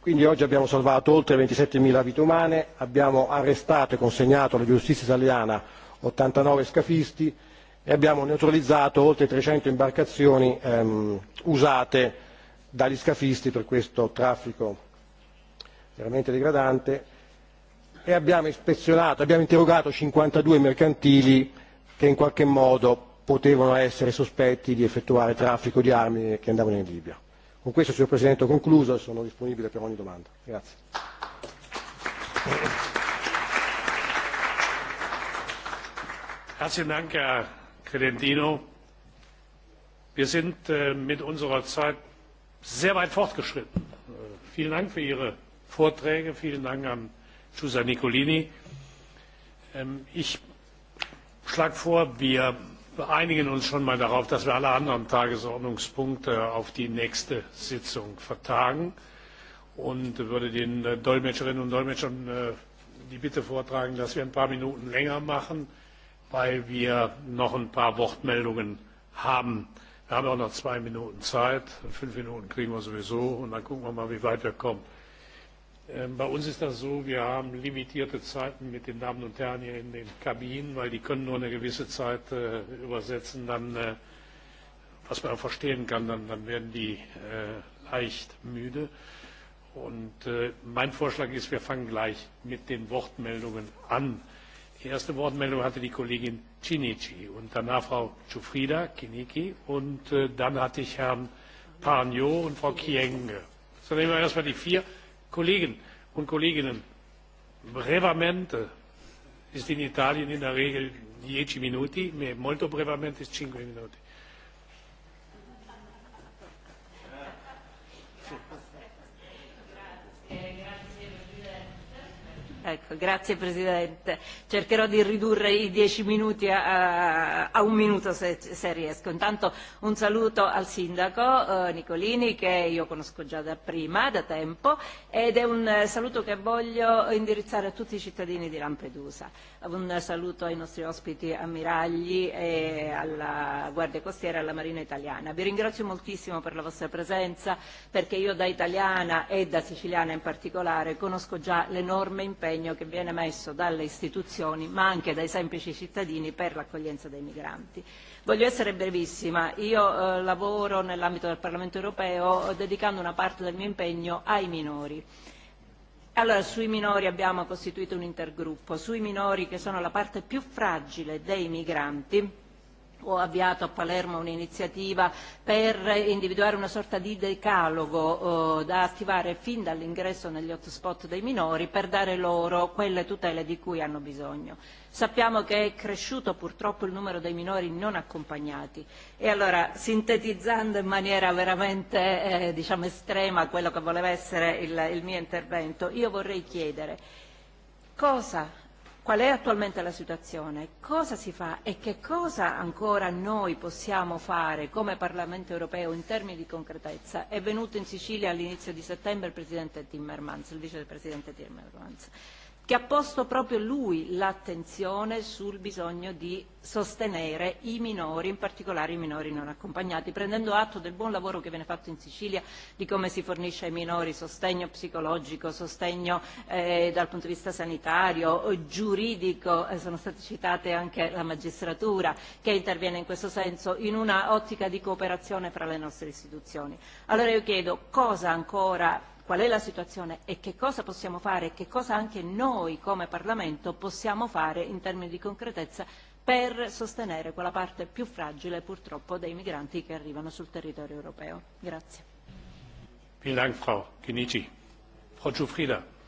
Quindi oggi abbiamo salvato oltre 27.000 vite umane, abbiamo arrestato e consegnato alla giustizia italiana 89 scafisti e abbiamo neutralizzato oltre 300 imbarcazioni ehm, usate dagli scafisti per questo traffico veramente degradante e abbiamo ispezionato, abbiamo interrogato 52 mercantili che in qualche modo potevano essere sospetti di effettuare traffico di armi che andavano in Libia. Con questo, signor Presidente, ho concluso e sono disponibile per ogni domanda. Grazie. grazie anche a Credentino. Wir sind mit unserer Zeit sehr weit fortgeschritten. Vielen Dank für Ihre Vorträge. Vielen Dank an Giusa Nicolini. Ich schlage vor, wir Wir einigen uns schon mal darauf, dass wir alle anderen Tagesordnungspunkte auf die nächste Sitzung vertagen und würde den Dolmetscherinnen und Dolmetschern die Bitte vortragen, dass wir ein paar Minuten länger machen, weil wir noch ein paar Wortmeldungen haben. Wir haben auch noch zwei Minuten Zeit. Fünf Minuten kriegen wir sowieso und dann gucken wir mal, wie weit wir kommen. Bei uns ist das so, wir haben limitierte Zeiten mit den Damen und Herren hier in den Kabinen, weil die können nur eine gewisse Zeit übersetzen, dann, was man verstehen kann, dann, dann werden die leicht müde. Und mein Vorschlag ist, wir fangen gleich mit den Wortmeldungen an. Die erste Wortmeldung hatte die Kollegin Cinici und danach Frau Chufrida Kiniki und dann hatte ich Herrn Parnio und Frau Kienge. So nehmen wir erstmal die vier Kollegen und Kolleginnen, Brevamente ist in Italien in der Regel dieci minuti, molto brevemente ist cinque minuti. Ecco, grazie Presidente. Cercherò di ridurre i dieci minuti a, a un minuto se, se riesco. Intanto un saluto al Sindaco eh, Nicolini che io conosco già da prima, da tempo, ed è un saluto che voglio indirizzare a tutti i cittadini di Lampedusa. Un saluto ai nostri ospiti ammiragli e alla Guardia Costiera e alla Marina Italiana. Vi ringrazio moltissimo per la vostra presenza perché io da italiana e da siciliana in particolare conosco già l'enorme impegno sostegno che viene messo dalle istituzioni ma anche dai semplici cittadini per l'accoglienza dei migranti. Voglio essere brevissima, io eh, lavoro nell'ambito del Parlamento europeo dedicando una parte del mio impegno ai minori. Allora, sui minori abbiamo costituito un intergruppo, sui minori che sono la parte più fragile dei migranti ho avviato a Palermo un'iniziativa per individuare una sorta di decalogo eh, da attivare fin dall'ingresso negli hotspot dei minori per dare loro quelle tutele di cui hanno bisogno. Sappiamo che è cresciuto purtroppo il numero dei minori non accompagnati e allora sintetizzando in maniera veramente eh, diciamo estrema quello che voleva essere il, il mio intervento, io vorrei chiedere cosa qual è attualmente la situazione, cosa si fa e che cosa ancora noi possiamo fare come Parlamento europeo in termini di concretezza. È venuto in Sicilia all'inizio di settembre il Presidente Timmermans, il Vicepresidente Timmermans che ha posto proprio lui l'attenzione sul bisogno di sostenere i minori, in particolare i minori non accompagnati, prendendo atto del buon lavoro che viene fatto in Sicilia di come si fornisce ai minori sostegno psicologico, sostegno eh, dal punto di vista sanitario, giuridico, eh, sono state citate anche la magistratura che interviene in questo senso in una ottica di cooperazione fra le nostre istituzioni. Allora io chiedo cosa ancora qual è la situazione e che cosa possiamo fare e che cosa anche noi come Parlamento possiamo fare in termini di concretezza per sostenere quella parte più fragile purtroppo dei migranti che arrivano sul territorio europeo. Grazie. Vielen Dank, Frau Frau Giuffrida.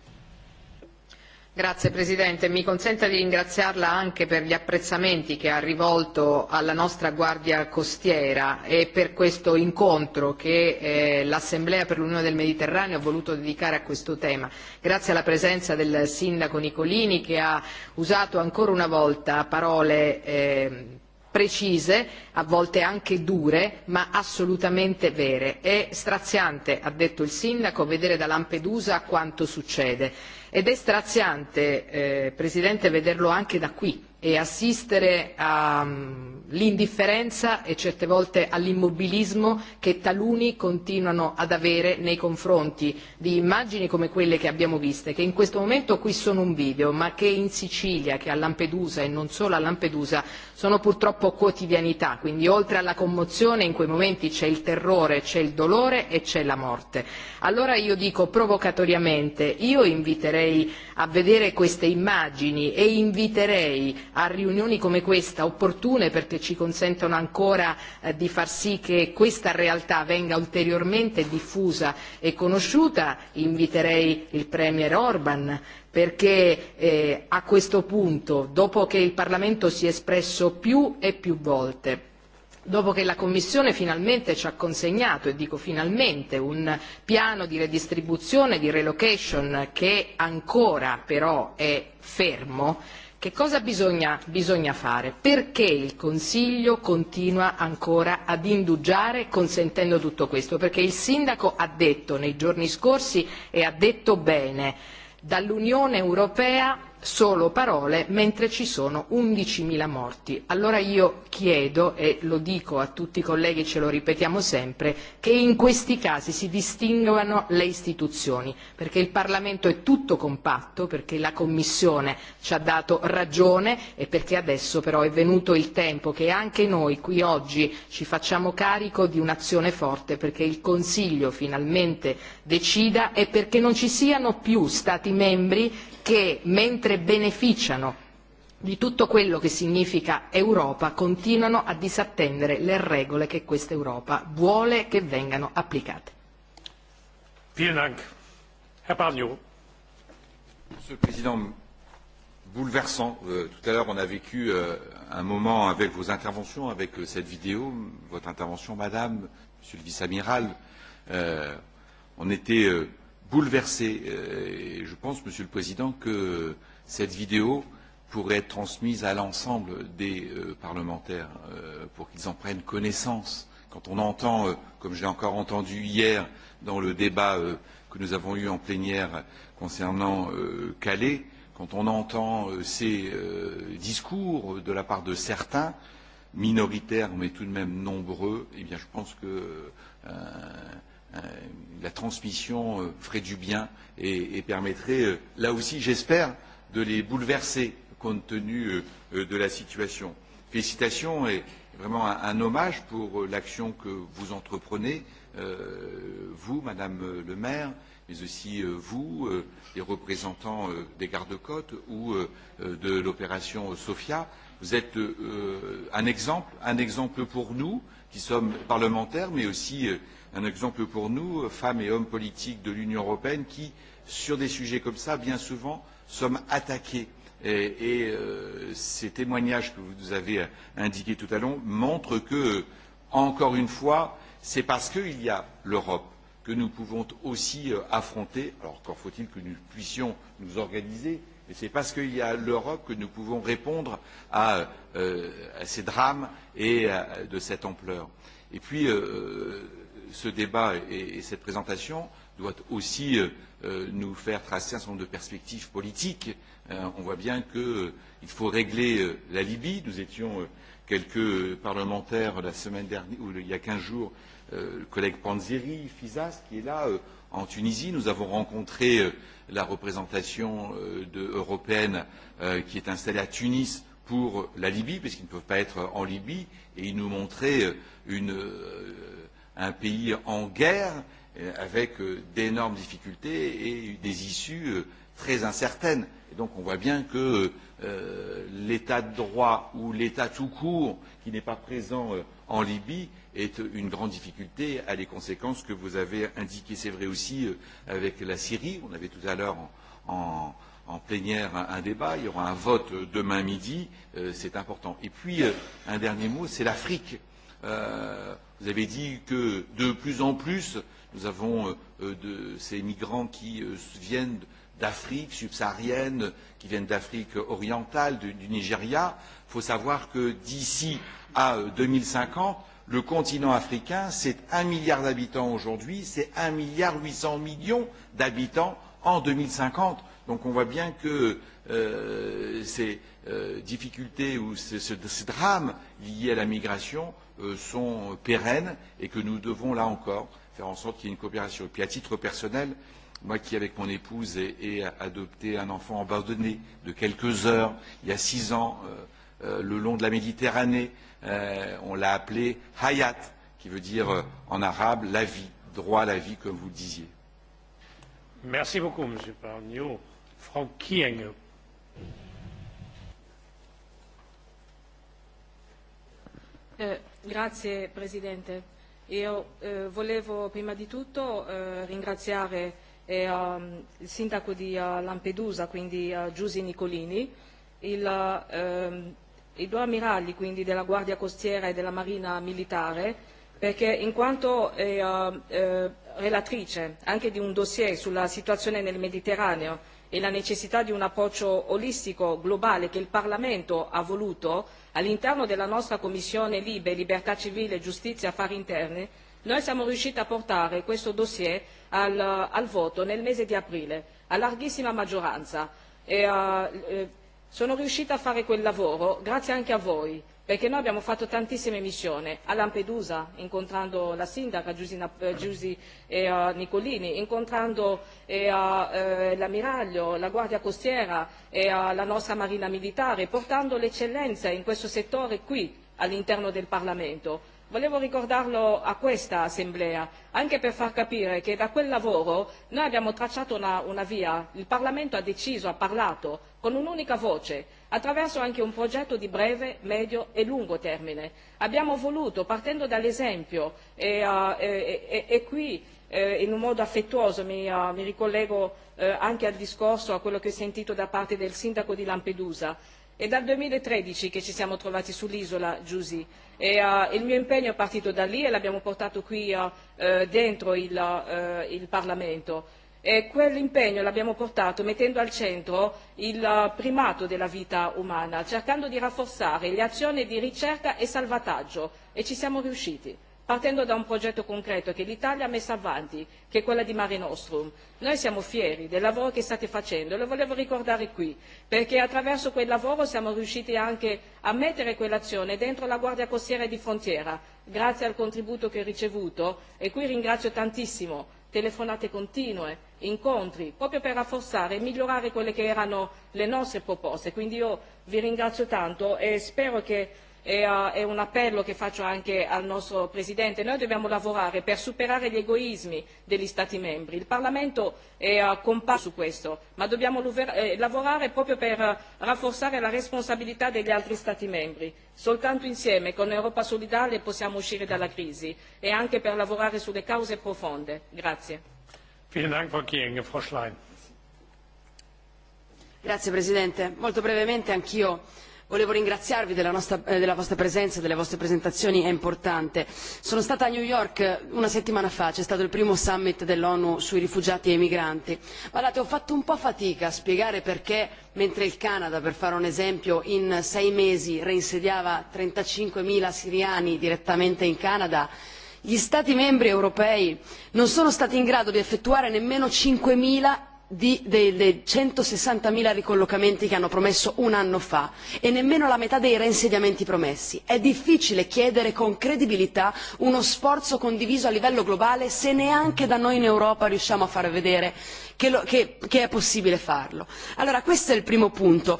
Signor Presidente, mi consenta di ringraziarla anche per gli apprezzamenti che ha rivolto alla nostra Guardia Costiera e per questo incontro che l'Assemblea per l'Unione del Mediterraneo ha voluto dedicare a questo tema. Grazie alla presenza del Sindaco Nicolini che ha usato ancora una volta parole precise, a volte anche dure, ma assolutamente vere. È straziante, ha detto il sindaco, vedere da Lampedusa quanto succede ed è straziante, Presidente, vederlo anche da qui e assistere all'indifferenza e certe volte all'immobilismo che taluni continuano ad avere nei confronti di immagini come quelle che abbiamo viste, che in questo momento qui sono un video, ma che in Sicilia, che a Lampedusa e non solo a Lampedusa sono purtroppo quotidianità, quindi oltre alla commozione in quei momenti c'è il terrore, c'è il dolore e c'è la morte. Allora io dico provocatoriamente, io inviterei a vedere queste immagini e inviterei a riunioni come questa, opportune perché ci consentono ancora di far sì che questa realtà venga ulteriormente diffusa e conosciuta, inviterei il Premier Orban perché eh, a questo punto, dopo che il Parlamento si è espresso più e più volte, dopo che la Commissione finalmente ci ha consegnato, e dico finalmente, un piano di redistribuzione, di relocation che ancora però è fermo, Che cosa bisogna, bisogna fare? Perché il Consiglio continua ancora ad indugiare consentendo tutto questo? Perché il Sindaco ha detto nei giorni scorsi e ha detto bene dall'Unione Europea solo parole mentre ci sono 11.000 morti. Allora io chiedo, e lo dico a tutti i colleghi, ce lo ripetiamo sempre, che in questi casi si distinguano le istituzioni, perché il Parlamento è tutto compatto, perché la Commissione ci ha dato ragione e perché adesso però è venuto il tempo che anche noi qui oggi ci facciamo carico di un'azione forte perché il Consiglio finalmente decida e perché non ci siano più Stati membri che, mentre beneficiano di tutto quello che significa Europa, continuano a disattendere le regole che questa Europa vuole che vengano applicate. Monsieur le Président, bouleversant. tout à l'heure, on a vécu un moment avec vos interventions, avec cette vidéo, votre intervention, Madame, Monsieur le Vice-Amiral. on était bouleversé. Et je pense, Monsieur le Président, que cette vidéo pourrait être transmise à l'ensemble des parlementaires pour qu'ils en prennent connaissance. Quand on entend, comme j'ai encore entendu hier dans le débat que nous avons eu en plénière concernant Calais, quand on entend ces discours de la part de certains, minoritaires mais tout de même nombreux, eh bien je pense que euh, la transmission ferait du bien et, permettrait, là aussi j'espère, de les bouleverser compte tenu de la situation. Félicitations et vraiment un, hommage pour l'action que vous entreprenez, vous, Madame le maire, mais aussi vous, les représentants des gardes-côtes ou de l'opération Sophia. Vous êtes un exemple, un exemple pour nous qui sommes parlementaires, mais aussi un exemple pour nous, femmes et hommes politiques de l'Union européenne, qui, sur des sujets comme ça, bien souvent, sommes attaqués. Et, et euh, ces témoignages que vous avez indiqués tout à l'heure montrent que, encore une fois, c'est parce qu'il y a l'Europe que nous pouvons aussi affronter, alors encore faut-il que nous puissions nous organiser, Et c'est parce qu'il y a l'Europe que nous pouvons répondre à, ces drames et de cette ampleur. Et puis, ce débat et, cette présentation doit aussi nous faire tracer un certain nombre de perspectives politiques. on voit bien qu'il faut régler la Libye. Nous étions quelques parlementaires la semaine dernière, ou il y a quinze jours, le collègue Panzeri, Fisas, qui est là en Tunisie. Nous avons rencontré la représentation européenne qui est installée à Tunis pour la Libye, puisqu'ils ne peuvent pas être en Libye, et ils nous montraient une un pays en guerre avec d'énormes difficultés et des issues très incertaines. Et donc on voit bien que l'état de droit ou l'état tout court qui n'est pas présent en Libye est une grande difficulté à les conséquences que vous avez indiquées. C'est vrai aussi avec la Syrie. On avait tout à l'heure en, en plénière un, débat. Il y aura un vote demain midi. c'est important. Et puis, un dernier mot, c'est l'Afrique vous avez dit que de plus en plus, nous avons de, ces migrants qui viennent d'Afrique subsaharienne, qui viennent d'Afrique orientale, du, du Nigeria. Il faut savoir que d'ici à deux mille cinquante, le continent africain, c'est un milliard d'habitants aujourd'hui, c'est un milliard huit cents millions d'habitants en deux mille cinquante. Donc on voit bien que ces difficultés ou ce, drame lié à la migration sont pérennes et que nous devons, là encore, faire en sorte qu'il y ait une coopération. Et puis, à titre personnel, moi qui, avec mon épouse, ai, ai adopté un enfant abandonné de quelques heures, il y a six ans, euh, euh, le long de la Méditerranée, euh, on l'a appelé Hayat, qui veut dire euh, en arabe la vie, droit à la vie, comme vous le disiez. Merci beaucoup, M. Parnio. Franck Kieng. Euh, Grazie Presidente. Io eh, volevo prima di tutto eh, ringraziare eh, um, il sindaco di uh, Lampedusa, quindi uh, Giusi Nicolini, il, ehm, i due ammiragli quindi della Guardia Costiera e della Marina Militare, perché in quanto eh, uh, relatrice anche di un dossier sulla situazione nel Mediterraneo e la necessità di un approccio olistico globale che il Parlamento ha voluto, All'interno della nostra Commissione Libe, Libertà Civile, Giustizia e Affari Interne, noi siamo riusciti a portare questo dossier al, al voto nel mese di aprile, a larghissima maggioranza. E, uh, sono riuscita a fare quel lavoro grazie anche a voi perché noi abbiamo fatto tantissime missioni a Lampedusa, incontrando la sindaca Giusina, Giusi e, uh, Nicolini, incontrando eh, uh, l'ammiraglio, la guardia costiera e uh, la nostra marina militare, portando l'eccellenza in questo settore qui all'interno del Parlamento Volevo ricordarlo a questa Assemblea, anche per far capire che da quel lavoro noi abbiamo tracciato una, una via, il Parlamento ha deciso, ha parlato, con un'unica voce, attraverso anche un progetto di breve, medio e lungo termine. Abbiamo voluto, partendo dall'esempio, e, uh, e, e, e qui eh, in un modo affettuoso mi, uh, mi ricollego eh, anche al discorso, a quello che ho sentito da parte del sindaco di Lampedusa, È dal 2013 che ci siamo trovati sull'isola, Giusy, e uh, il mio impegno è partito da lì e l'abbiamo portato qui uh, dentro il, uh, il Parlamento. E quell'impegno l'abbiamo portato mettendo al centro il primato della vita umana, cercando di rafforzare le azioni di ricerca e salvataggio e ci siamo riusciti partendo da un progetto concreto che l'Italia ha messo avanti, che è quella di Mare Nostrum. Noi siamo fieri del lavoro che state facendo e lo volevo ricordare qui, perché attraverso quel lavoro siamo riusciti anche a mettere quell'azione dentro la Guardia Costiera e di Frontiera, grazie al contributo che ho ricevuto e qui ringrazio tantissimo telefonate continue, incontri, proprio per rafforzare e migliorare quelle che erano le nostre proposte. Quindi io vi ringrazio tanto e spero che è un appello che faccio anche al nostro Presidente, noi dobbiamo lavorare per superare gli egoismi degli Stati membri. Il Parlamento è compatto su questo, ma dobbiamo lavorare proprio per rafforzare la responsabilità degli altri Stati membri. Soltanto insieme, con Europa solidale, possiamo uscire dalla crisi e anche per lavorare sulle cause profonde. Grazie. Grazie Presidente. Molto brevemente anch'io volevo ringraziarvi della, vostra presenza, delle vostre presentazioni, è importante. Sono stata a New York una settimana fa, c'è stato il primo summit dell'ONU sui rifugiati e i migranti. Guardate, ho fatto un po' fatica a spiegare perché, mentre il Canada, per fare un esempio, in sei mesi reinsediava 35.000 siriani direttamente in Canada, gli Stati membri europei non sono stati in grado di effettuare nemmeno 5.000 dei centosessantamila ricollocamenti che hanno promesso un anno fa e nemmeno la metà dei reinsediamenti promessi. È difficile chiedere con credibilità uno sforzo condiviso a livello globale se neanche da noi in Europa riusciamo a far vedere che, è possibile farlo. Allora questo è il primo punto.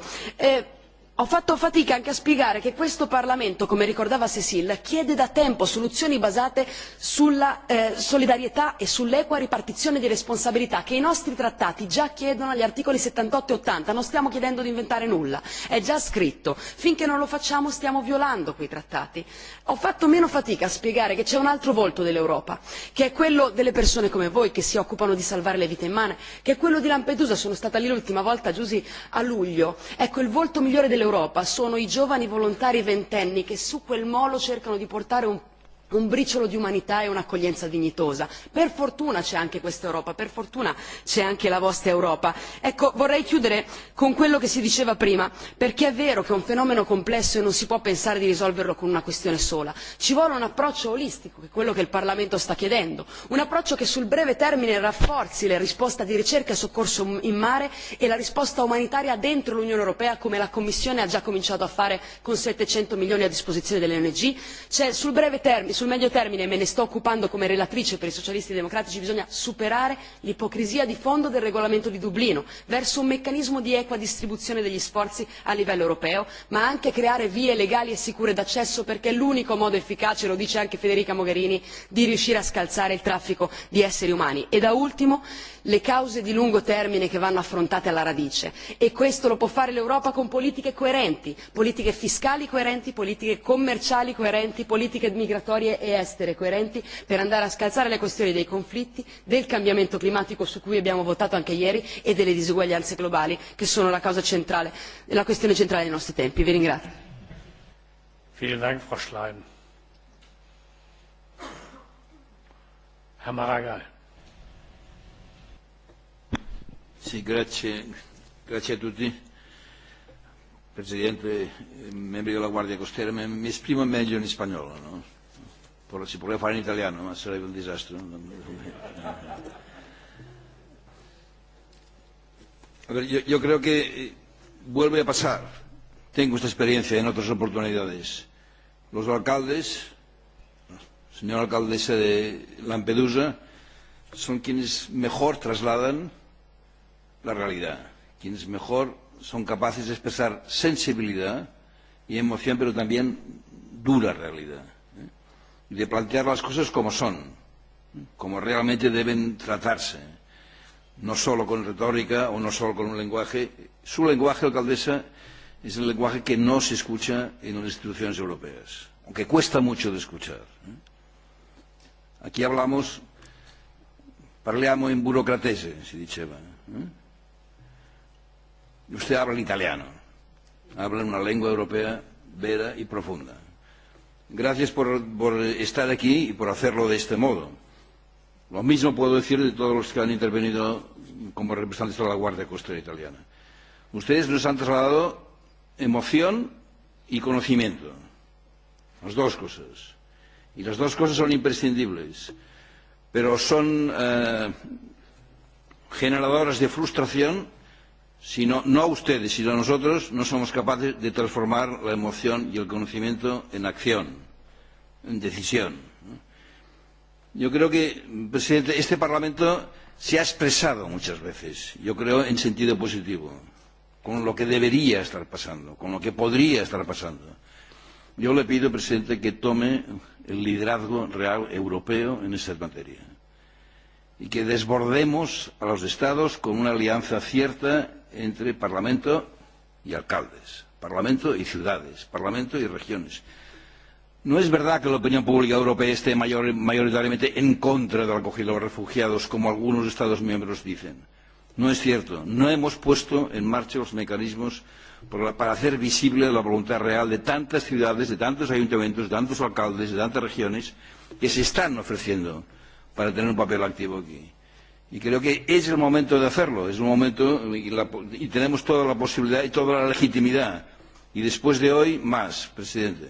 Ho fatto fatica anche a spiegare che questo Parlamento, come ricordava Cécile, chiede da tempo soluzioni basate sulla solidarietà e sull'equa ripartizione di responsabilità che i nostri trattati già chiedono agli articoli settantotto e ottanta, non stiamo chiedendo di inventare nulla, è già scritto. Finché non lo facciamo stiamo violando quei trattati. Ho fatto meno fatica a spiegare che c'è un altro volto dell'Europa, che è quello delle persone come voi che si occupano di salvare le vite umane, che è quello di Lampedusa, sono stata lì l'ultima volta, Giusy, a luglio. Ecco, il volto migliore dell'Europa sono i giovani volontari ventenni che su quel molo cercano di portare un po' di un briciolo di umanità e un'accoglienza dignitosa. Per fortuna c'è anche questa Europa, per fortuna c'è anche la vostra Europa. Ecco, vorrei chiudere con quello che si diceva prima, perché è vero che è un fenomeno complesso e non si può pensare di risolverlo con una questione sola. Ci vuole un approccio olistico, che è quello che il Parlamento sta chiedendo, un approccio che sul breve termine rafforzi la risposta di ricerca e soccorso in mare e la risposta umanitaria dentro l'Unione Europea, come la Commissione ha già cominciato a fare con 700 milioni a disposizione delle ONG. Cioè, sul breve termine, sul medio termine me ne sto occupando come relatrice per i socialisti democratici bisogna superare l'ipocrisia di fondo del regolamento di dublino verso un meccanismo di equa distribuzione degli sforzi a livello europeo ma anche creare vie legali e sicure d'accesso perché è l'unico modo efficace lo dice anche federica mogherini di riuscire a scalzare il traffico di esseri umani le cause di lungo termine che vanno affrontate alla radice e questo lo può fare l'Europa con politiche coerenti, politiche fiscali coerenti, politiche commerciali coerenti, politiche migratorie e estere coerenti per andare a scalzare le questioni dei conflitti, del cambiamento climatico su cui abbiamo votato anche ieri e delle disuguaglianze globali che sono la causa centrale, la questione centrale dei nostri tempi. Vi ringrazio. Sì, grazie, grazie a tutti, Presidente, Guardia Costiera. me exprimo mejor en español. no? Si poteva fare en italiano, ma sarebbe un disastro. A ver, yo, yo creo que vuelve a pasar. Tengo esta experiencia en otras oportunidades. Los alcaldes, señora alcaldesa de Lampedusa, son quienes mejor trasladan la realidad. Quienes mejor son capaces de expresar sensibilidad y emoción, pero también dura realidad. Y de plantear las cosas como son, como realmente deben tratarse. No solo con retórica o no solo con un lenguaje. Su lenguaje, alcaldesa, es el lenguaje que no se escucha en las instituciones europeas, aunque cuesta mucho de escuchar. Aquí hablamos, parliamo en burocratese, si dice ¿eh? y usted habla el italiano, habla una lengua europea vera y profunda. Gracias por, por estar aquí y por hacerlo de este modo. Lo mismo puedo decir de todos los que han intervenido como representantes de la Guardia Costera Italiana. Ustedes nos han trasladado emoción y conocimiento, las dos cosas. Y las dos cosas son imprescindibles, pero son eh, generadoras de frustración sino, no a ustedes, sino a nosotros, no somos capaces de transformar la emoción y el conocimiento en acción, en decisión. Yo creo que, presidente, este Parlamento se ha expresado muchas veces, yo creo en sentido positivo, con lo que debería estar pasando, con lo que podría estar pasando. Yo le pido, presidente, que tome el liderazgo real europeo en esta materia y que desbordemos a los estados con una alianza cierta entre Parlamento y alcaldes, Parlamento y ciudades, Parlamento y regiones. No es verdad que la opinión pública europea esté mayoritariamente en contra de la acogida de los refugiados, como algunos Estados miembros dicen. No es cierto. No hemos puesto en marcha los mecanismos para hacer visible la voluntad real de tantas ciudades, de tantos ayuntamientos, de tantos alcaldes, de tantas regiones que se están ofreciendo para tener un papel activo aquí. Y creo que es el momento de hacerlo, es un momento y, la, y tenemos toda la posibilidad y toda la legitimidad. Y después de hoy, más, presidente.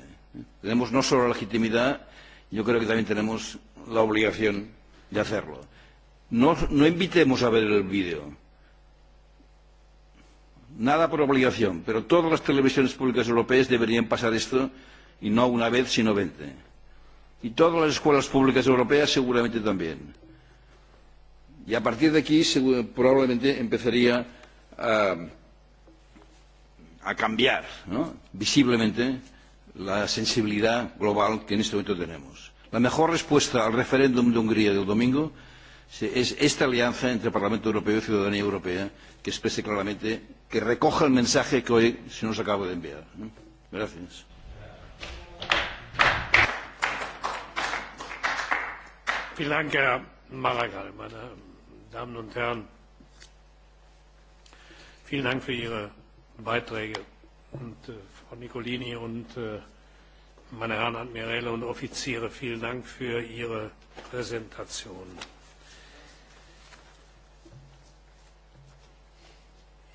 Tenemos no solo la legitimidad, yo creo que también tenemos la obligación de hacerlo. No, no invitemos a ver el vídeo. Nada por obligación, pero todas las televisiones públicas europeas deberían pasar esto y no una vez, sino veinte y todas las escuelas públicas europeas seguramente también. Y a partir de aquí probablemente empezaría a, a cambiar ¿no? visiblemente la sensibilidad global que en este momento tenemos. La mejor respuesta al referéndum de Hungría del domingo es esta alianza entre el Parlamento Europeo y Ciudadanía Europea que exprese claramente, que recoja el mensaje que hoy se nos acaba de enviar. Gracias. Herr Maragall, meine Damen und Herren. Vielen Dank für Ihre Beiträge. Frau Nicolini und meine Herren Admiräle und Offiziere, vielen Dank für Ihre Präsentation.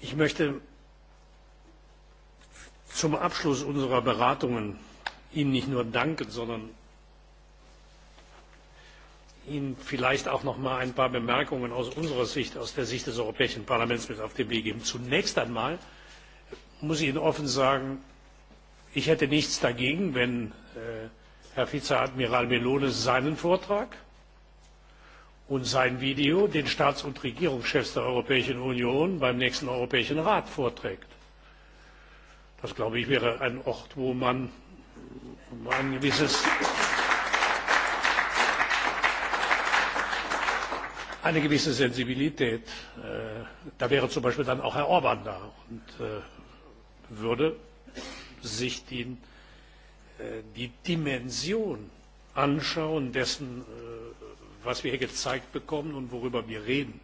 Ich möchte zum Abschluss unserer Beratungen Ihnen nicht nur danken, sondern Ihnen vielleicht auch noch mal ein paar Bemerkungen aus unserer Sicht, aus der Sicht des Europäischen Parlaments mit auf den Weg geben. Zunächst einmal muss ich Ihnen offen sagen, ich hätte nichts dagegen, wenn Herr Vizeadmiral Melone seinen Vortrag und sein Video den Staats- und Regierungschefs der Europäischen Union beim nächsten Europäischen Rat vorträgt. Das, glaube ich, wäre ein Ort, wo man ein gewisses eine gewisse Sensibilität. Da wäre zum Beispiel dann auch Herr Orban da und würde sich die, Dimension anschauen dessen, was wir hier gezeigt bekommen und worüber wir reden.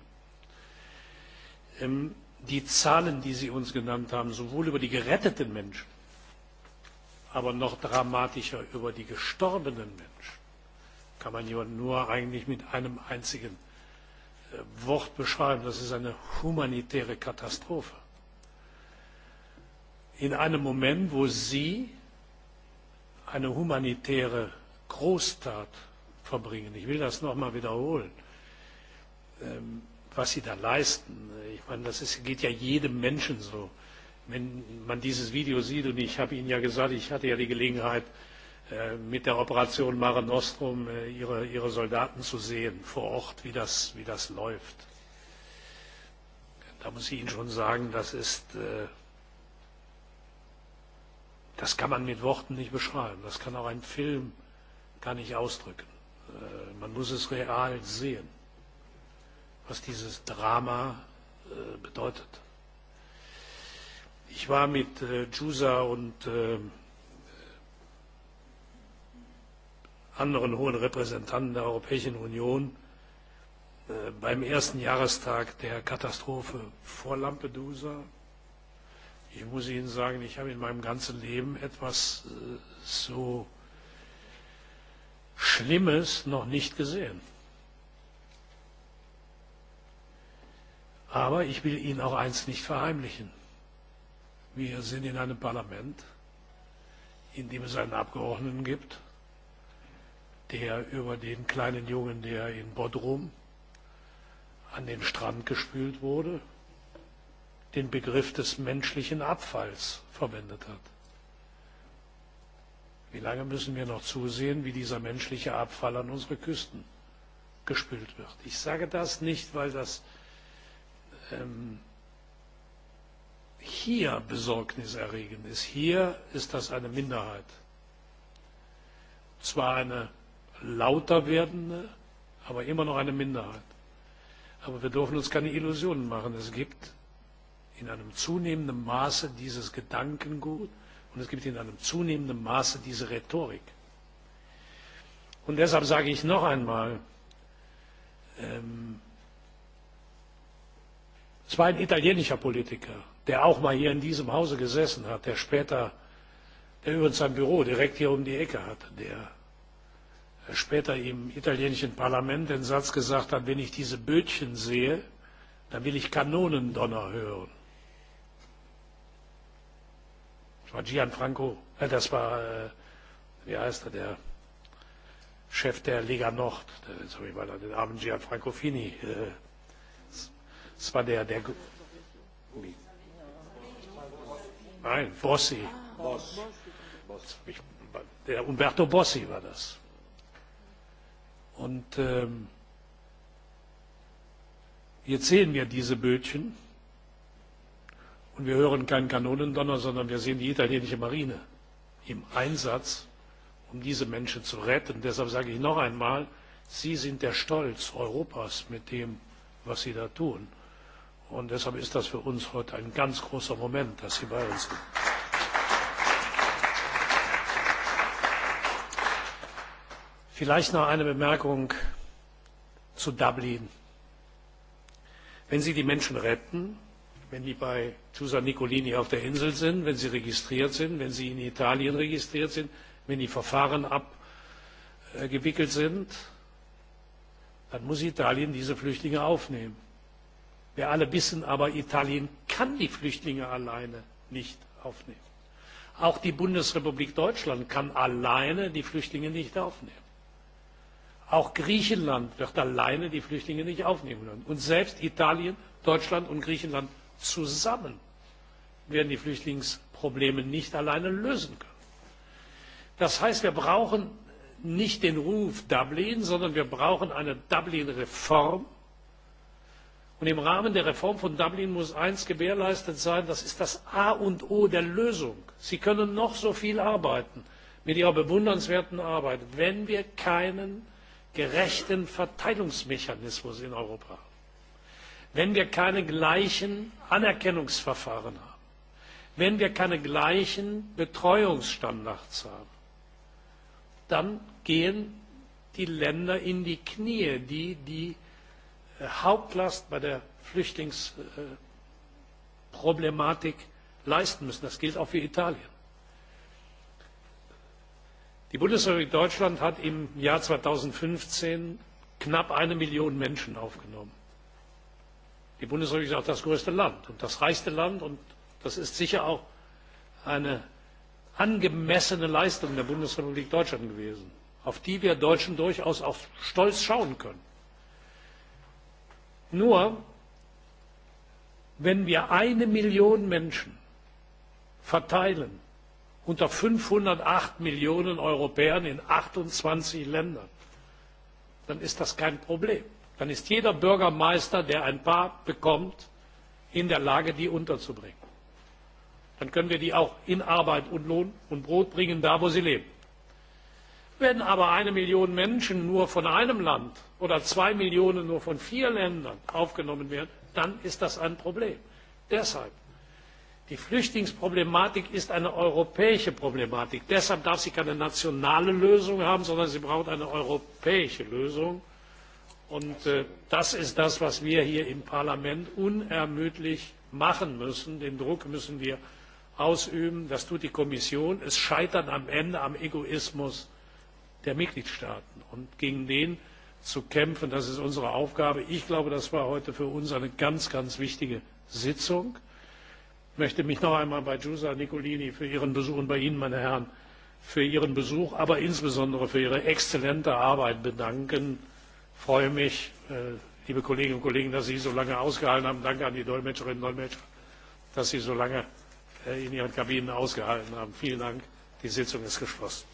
Die Zahlen, die Sie uns genannt haben, sowohl über die geretteten Menschen, aber noch dramatischer über die gestorbenen Menschen, kann man nur eigentlich mit einem einzigen Wort beschreiben, das ist eine humanitäre Katastrophe. In einem Moment, wo Sie eine humanitäre Großtat verbringen, ich will das noch einmal wiederholen, was Sie da leisten, ich meine, das geht ja jedem Menschen so. Wenn man dieses Video sieht, und ich habe Ihnen ja gesagt, ich hatte ja die Gelegenheit, mit der Operation Mare Nostrum ihre, Soldaten zu sehen vor Ort, wie das, läuft. Da muss ich Ihnen schon sagen, das ist, das kann man mit Worten nicht beschreiben. Das kann auch ein Film gar nicht ausdrücken. Man muss es real sehen, was dieses Drama bedeutet. Ich war mit Jusa und anderen hohen Repräsentanten der Europäischen Union beim ersten Jahrestag der Katastrophe vor Lampedusa. Ich muss Ihnen sagen, ich habe in meinem ganzen Leben etwas so Schlimmes noch nicht gesehen. Aber ich will Ihnen auch eins nicht verheimlichen. Wir sind in einem Parlament, in dem es einen Abgeordneten gibt, der über den kleinen Jungen, der in Bodrum an den Strand gespült wurde, den Begriff des menschlichen Abfalls verwendet hat. Wie lange müssen wir noch zusehen, wie dieser menschliche Abfall an unsere Küsten gespült wird? Ich sage das nicht, weil das ähm, hier besorgniserregend ist. Hier ist das eine Minderheit. Zwar eine lauter werdende, aber immer noch eine Minderheit. Aber wir dürfen uns keine Illusionen machen. Es gibt in einem zunehmenden Maße dieses Gedankengut und es gibt in einem zunehmenden Maße diese Rhetorik. Und deshalb sage ich noch einmal, ähm, es war ein italienischer Politiker, der auch mal hier in diesem Hause gesessen hat, der später, der übrigens sein Büro direkt hier um die Ecke hatte, der später im italienischen parlament den satz gesagt hat wenn ich diese bötchen sehe dann will ich kanonendonner hören. das war gianfranco das war wie heißt er der chef der lega nord sorry weil er den armen gianfranco fini das war der der nein bossi der umberto bossi war das Und jetzt sehen wir diese Bötchen und wir hören keinen Kanonendonner, sondern wir sehen die italienische Marine im Einsatz, um diese Menschen zu retten. Deshalb sage ich noch einmal, Sie sind der Stolz Europas mit dem, was Sie da tun. Und deshalb ist das für uns heute ein ganz großer Moment, dass Sie bei uns sind. Vielleicht noch eine Bemerkung zu Dublin. Wenn Sie die Menschen retten, wenn die bei Giusa Nicolini auf der Insel sind, wenn sie registriert sind, wenn sie in Italien registriert sind, wenn die Verfahren abgewickelt sind, dann muss Italien diese Flüchtlinge aufnehmen. Wir alle wissen aber, Italien kann die Flüchtlinge alleine nicht aufnehmen. Auch die Bundesrepublik Deutschland kann alleine die Flüchtlinge nicht aufnehmen. Auch Griechenland wird alleine die Flüchtlinge nicht aufnehmen können. Und selbst Italien, Deutschland und Griechenland zusammen werden die Flüchtlingsprobleme nicht alleine lösen können. Das heißt, wir brauchen nicht den Ruf Dublin, sondern wir brauchen eine Dublin-Reform. Und im Rahmen der Reform von Dublin muss eines gewährleistet sein, das ist das A und O der Lösung. Sie können noch so viel arbeiten mit ihrer bewundernswerten Arbeit. Wenn wir keinen gerechten Verteilungsmechanismus in Europa, wenn wir keine gleichen Anerkennungsverfahren haben, wenn wir keine gleichen Betreuungsstandards haben, dann gehen die Länder in die Knie, die die Hauptlast bei der Flüchtlingsproblematik leisten müssen. Das gilt auch für Italien die bundesrepublik deutschland hat im jahr zweitausendfünfzehn knapp eine million menschen aufgenommen. die bundesrepublik ist auch das größte land und das reichste land und das ist sicher auch eine angemessene leistung der bundesrepublik deutschland gewesen auf die wir deutschen durchaus auch stolz schauen können. nur wenn wir eine million menschen verteilen unter fünfhundertacht millionen europäern in achtundzwanzig ländern dann ist das kein problem dann ist jeder bürgermeister der ein paar bekommt in der lage die unterzubringen. dann können wir die auch in arbeit und lohn und brot bringen da wo sie leben. wenn aber eine million menschen nur von einem land oder zwei millionen nur von vier ländern aufgenommen werden dann ist das ein problem. deshalb Die Flüchtlingsproblematik ist eine europäische Problematik. Deshalb darf sie keine nationale Lösung haben, sondern sie braucht eine europäische Lösung. Und das ist das, was wir hier im Parlament unermüdlich machen müssen. Den Druck müssen wir ausüben. Das tut die Kommission. Es scheitert am Ende am Egoismus der Mitgliedstaaten. Und gegen den zu kämpfen, das ist unsere Aufgabe. Ich glaube, das war heute für uns eine ganz, ganz wichtige Sitzung. Ich möchte mich noch einmal bei Giusa Nicolini für Ihren Besuch und bei Ihnen, meine Herren, für Ihren Besuch, aber insbesondere für Ihre exzellente Arbeit bedanken. Ich freue mich, liebe Kolleginnen und Kollegen, dass Sie so lange ausgehalten haben. Danke an die Dolmetscherinnen und Dolmetscher, dass Sie so lange in Ihren Kabinen ausgehalten haben. Vielen Dank. Die Sitzung ist geschlossen.